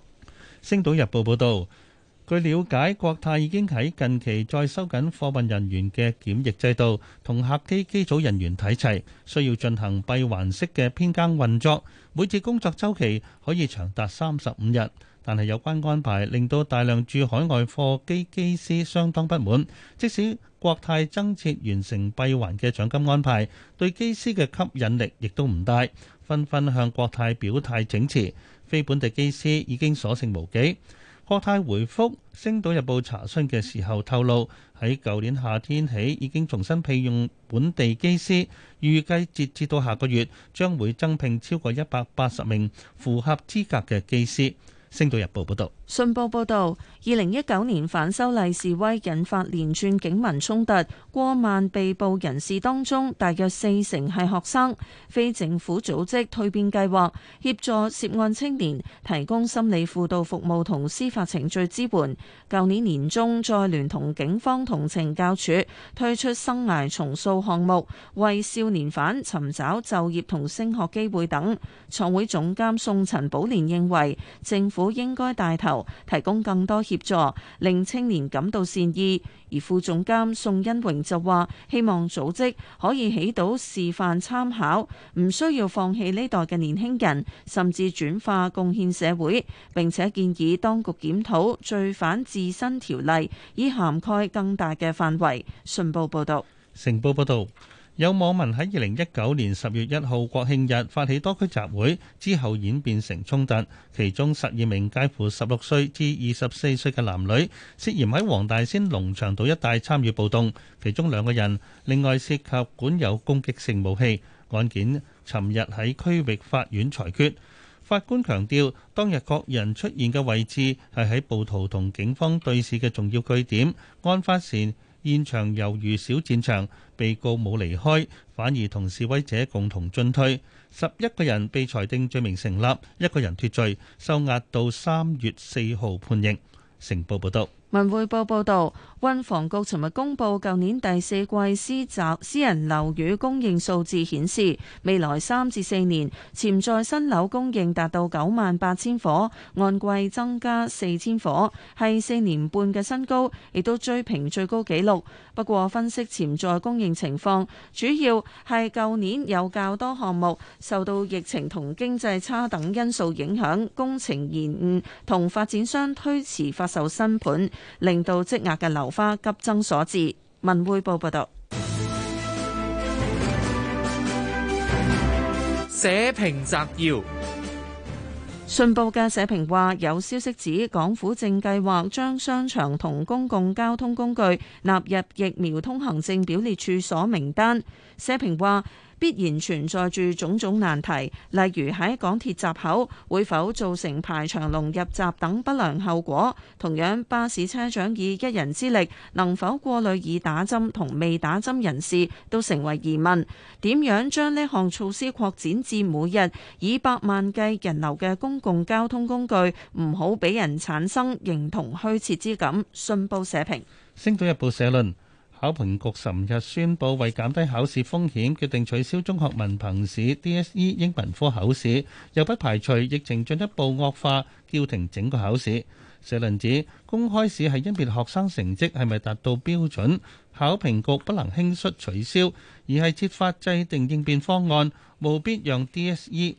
星島日報》報道，據了解，國泰已經喺近期再收緊貨運人員嘅檢疫制度，同客機機組人員睇齊，需要進行閉環式嘅偏更運作，每次工作周期可以長達三十五日。但係有關安排令到大量駐海外貨機機師相當不滿，即使國泰增設完成閉環嘅獎金安排，對機師嘅吸引力，亦都唔大，紛紛向國泰表態請辭。非本地機師已經所剩無幾。國泰回覆《星島日報》查詢嘅時候透露，喺舊年夏天起已經重新聘用本地機師，預計截至到下個月將會增聘超過一百八十名符合資格嘅機師。《星島日報》報道。信報報導，二零一九年反修例示威引發連串警民衝突，過萬被捕人士當中，大約四成係學生。非政府組織推變計劃協助涉案青年提供心理輔導服務同司法程序支援。舊年年中再聯同警方同情教署推出生涯重塑項目，為少年犯尋找就業同升學機會等。創會總監宋陳寶蓮認為，政府應該帶頭提供更多協助，令青年感到善意。而副總監宋恩榮就話：希望組織可以起到示範參考，唔需要放棄呢代嘅年輕人，甚至轉化貢獻社會。並且建議當局檢討罪犯自新條例，以涵蓋更大嘅範圍。信報報導，成報報導。有網民喺二零一九年十月一號國慶日發起多區集會，之後演變成衝突，其中十二名介乎十六歲至二十四歲嘅男女涉嫌喺黃大仙龍翔道一帶參與暴動，其中兩個人另外涉及管有攻擊性武器。案件尋日喺區域法院裁決，法官強調當日各人出現嘅位置係喺暴徒同警方對峙嘅重要據點，案發時，現場猶如小戰場，被告冇離開，反而同示威者共同進退。十一個人被裁定罪名成立，一個人脫罪，收押到三月四號判刑。成報報道。文匯報報道，運房局尋日公布舊年第四季私宅私人樓宇供應數字，顯示未來三至四年潛在新樓供應達到九萬八千伙，按季增加四千伙，係四年半嘅新高，亦都追平最高紀錄。不過，分析潛在供應情況，主要係舊年有較多項目受到疫情同經濟差等因素影響，工程延誤同發展商推遲發售新盤。令到積壓嘅流花急增所致。文匯報報道：社評摘要：信報嘅社評話，有消息指港府正計劃將商場同公共交通工具納入疫苗通行證表列處所名單。社評話。必然存在住種種難題，例如喺港鐵閘口會否造成排長龍入閘等不良後果；同樣巴士車長以一人之力能否過濾已打針同未打針人士，都成為疑問。點樣將呢項措施擴展至每日以百萬計人流嘅公共交通工具，唔好俾人產生形同虛設之感。信報社評。星島日報社論。考評局尋日宣佈，為減低考試風險，決定取消中學文憑試 DSE 英文科考試，又不排除疫情進一步惡化，叫停整個考試。社論指，公開試係甄別學生成績係咪達到標準，考評局不能輕率取消，而係設法制定應變方案，務必讓 DSE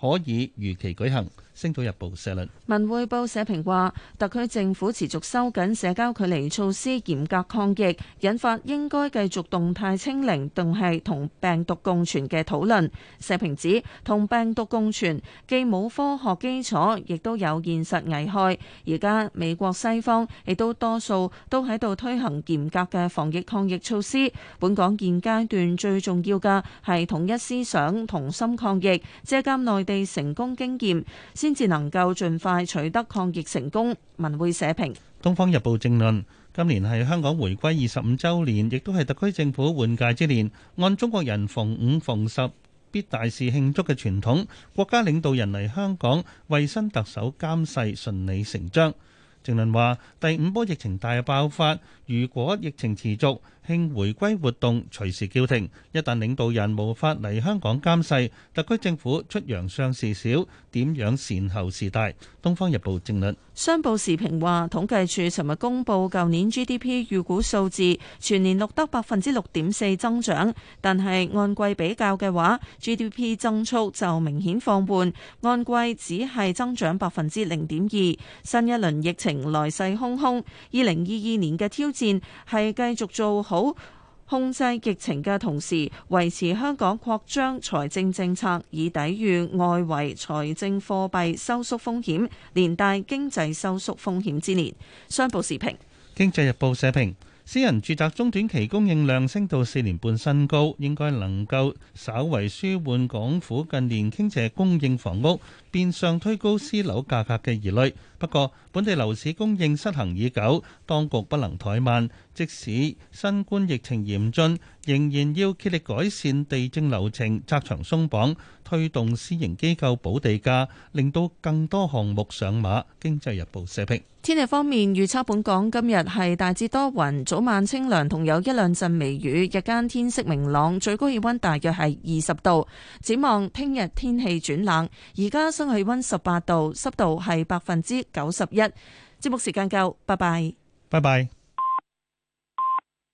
可以如期舉行。《星島日報》社論。文匯報社評話，特區政府持續收緊社交距離措施，嚴格抗疫，引發應該繼續動態清零，定係同病毒共存嘅討論。社評指，同病毒共存既冇科學基礎，亦都有現實危害。而家美國西方亦都多數都喺度推行嚴格嘅防疫抗疫措施。本港現階段最重要嘅係統一思想，同心抗疫，借鑒內地成功經驗。先至能夠盡快取得抗疫成功。文匯社評，《東方日報》政論：今年係香港回歸二十五週年，亦都係特區政府換屆之年。按中國人逢五逢十必大事慶祝嘅傳統，國家領導人嚟香港為新特首監誓，順理成章。政論話：第五波疫情大爆發，如果疫情持續，慶回歸活動隨時叫停，一旦領導人無法嚟香港監誓，特區政府出洋相事小，點樣善後事大？東方日報正論，商報時評話，統計處尋日公布舊年 GDP 預估數字，全年錄得百分之六點四增長，但係按季比較嘅話，GDP 增速就明顯放緩，按季只係增長百分之零點二。新一輪疫情來勢洶洶，二零二二年嘅挑戰係繼續做好。好控制疫情嘅同時，維持香港擴張財政政策，以抵御外圍財政貨幣收縮風險，連帶經濟收縮風險之年。商報時評，經濟日報社評。私人住宅中短期供應量升到四年半新高，應該能夠稍為舒緩港府近年傾斜供應房屋，變相推高私樓價格嘅疑慮。不過，本地樓市供應失衡已久，當局不能怠慢，即使新冠疫情嚴峻，仍然要竭力改善地政流程，拆牆鬆綁。推動私營機構補地價，令到更多項目上馬。經濟日報社評：天氣方面預測，預測本港今日係大致多雲，早晚清涼，同有一兩陣微雨。日間天色明朗，最高氣溫大約係二十度。展望聽日天氣轉冷，而家室外氣溫十八度，濕度係百分之九十一。節目時間夠，拜拜。拜拜。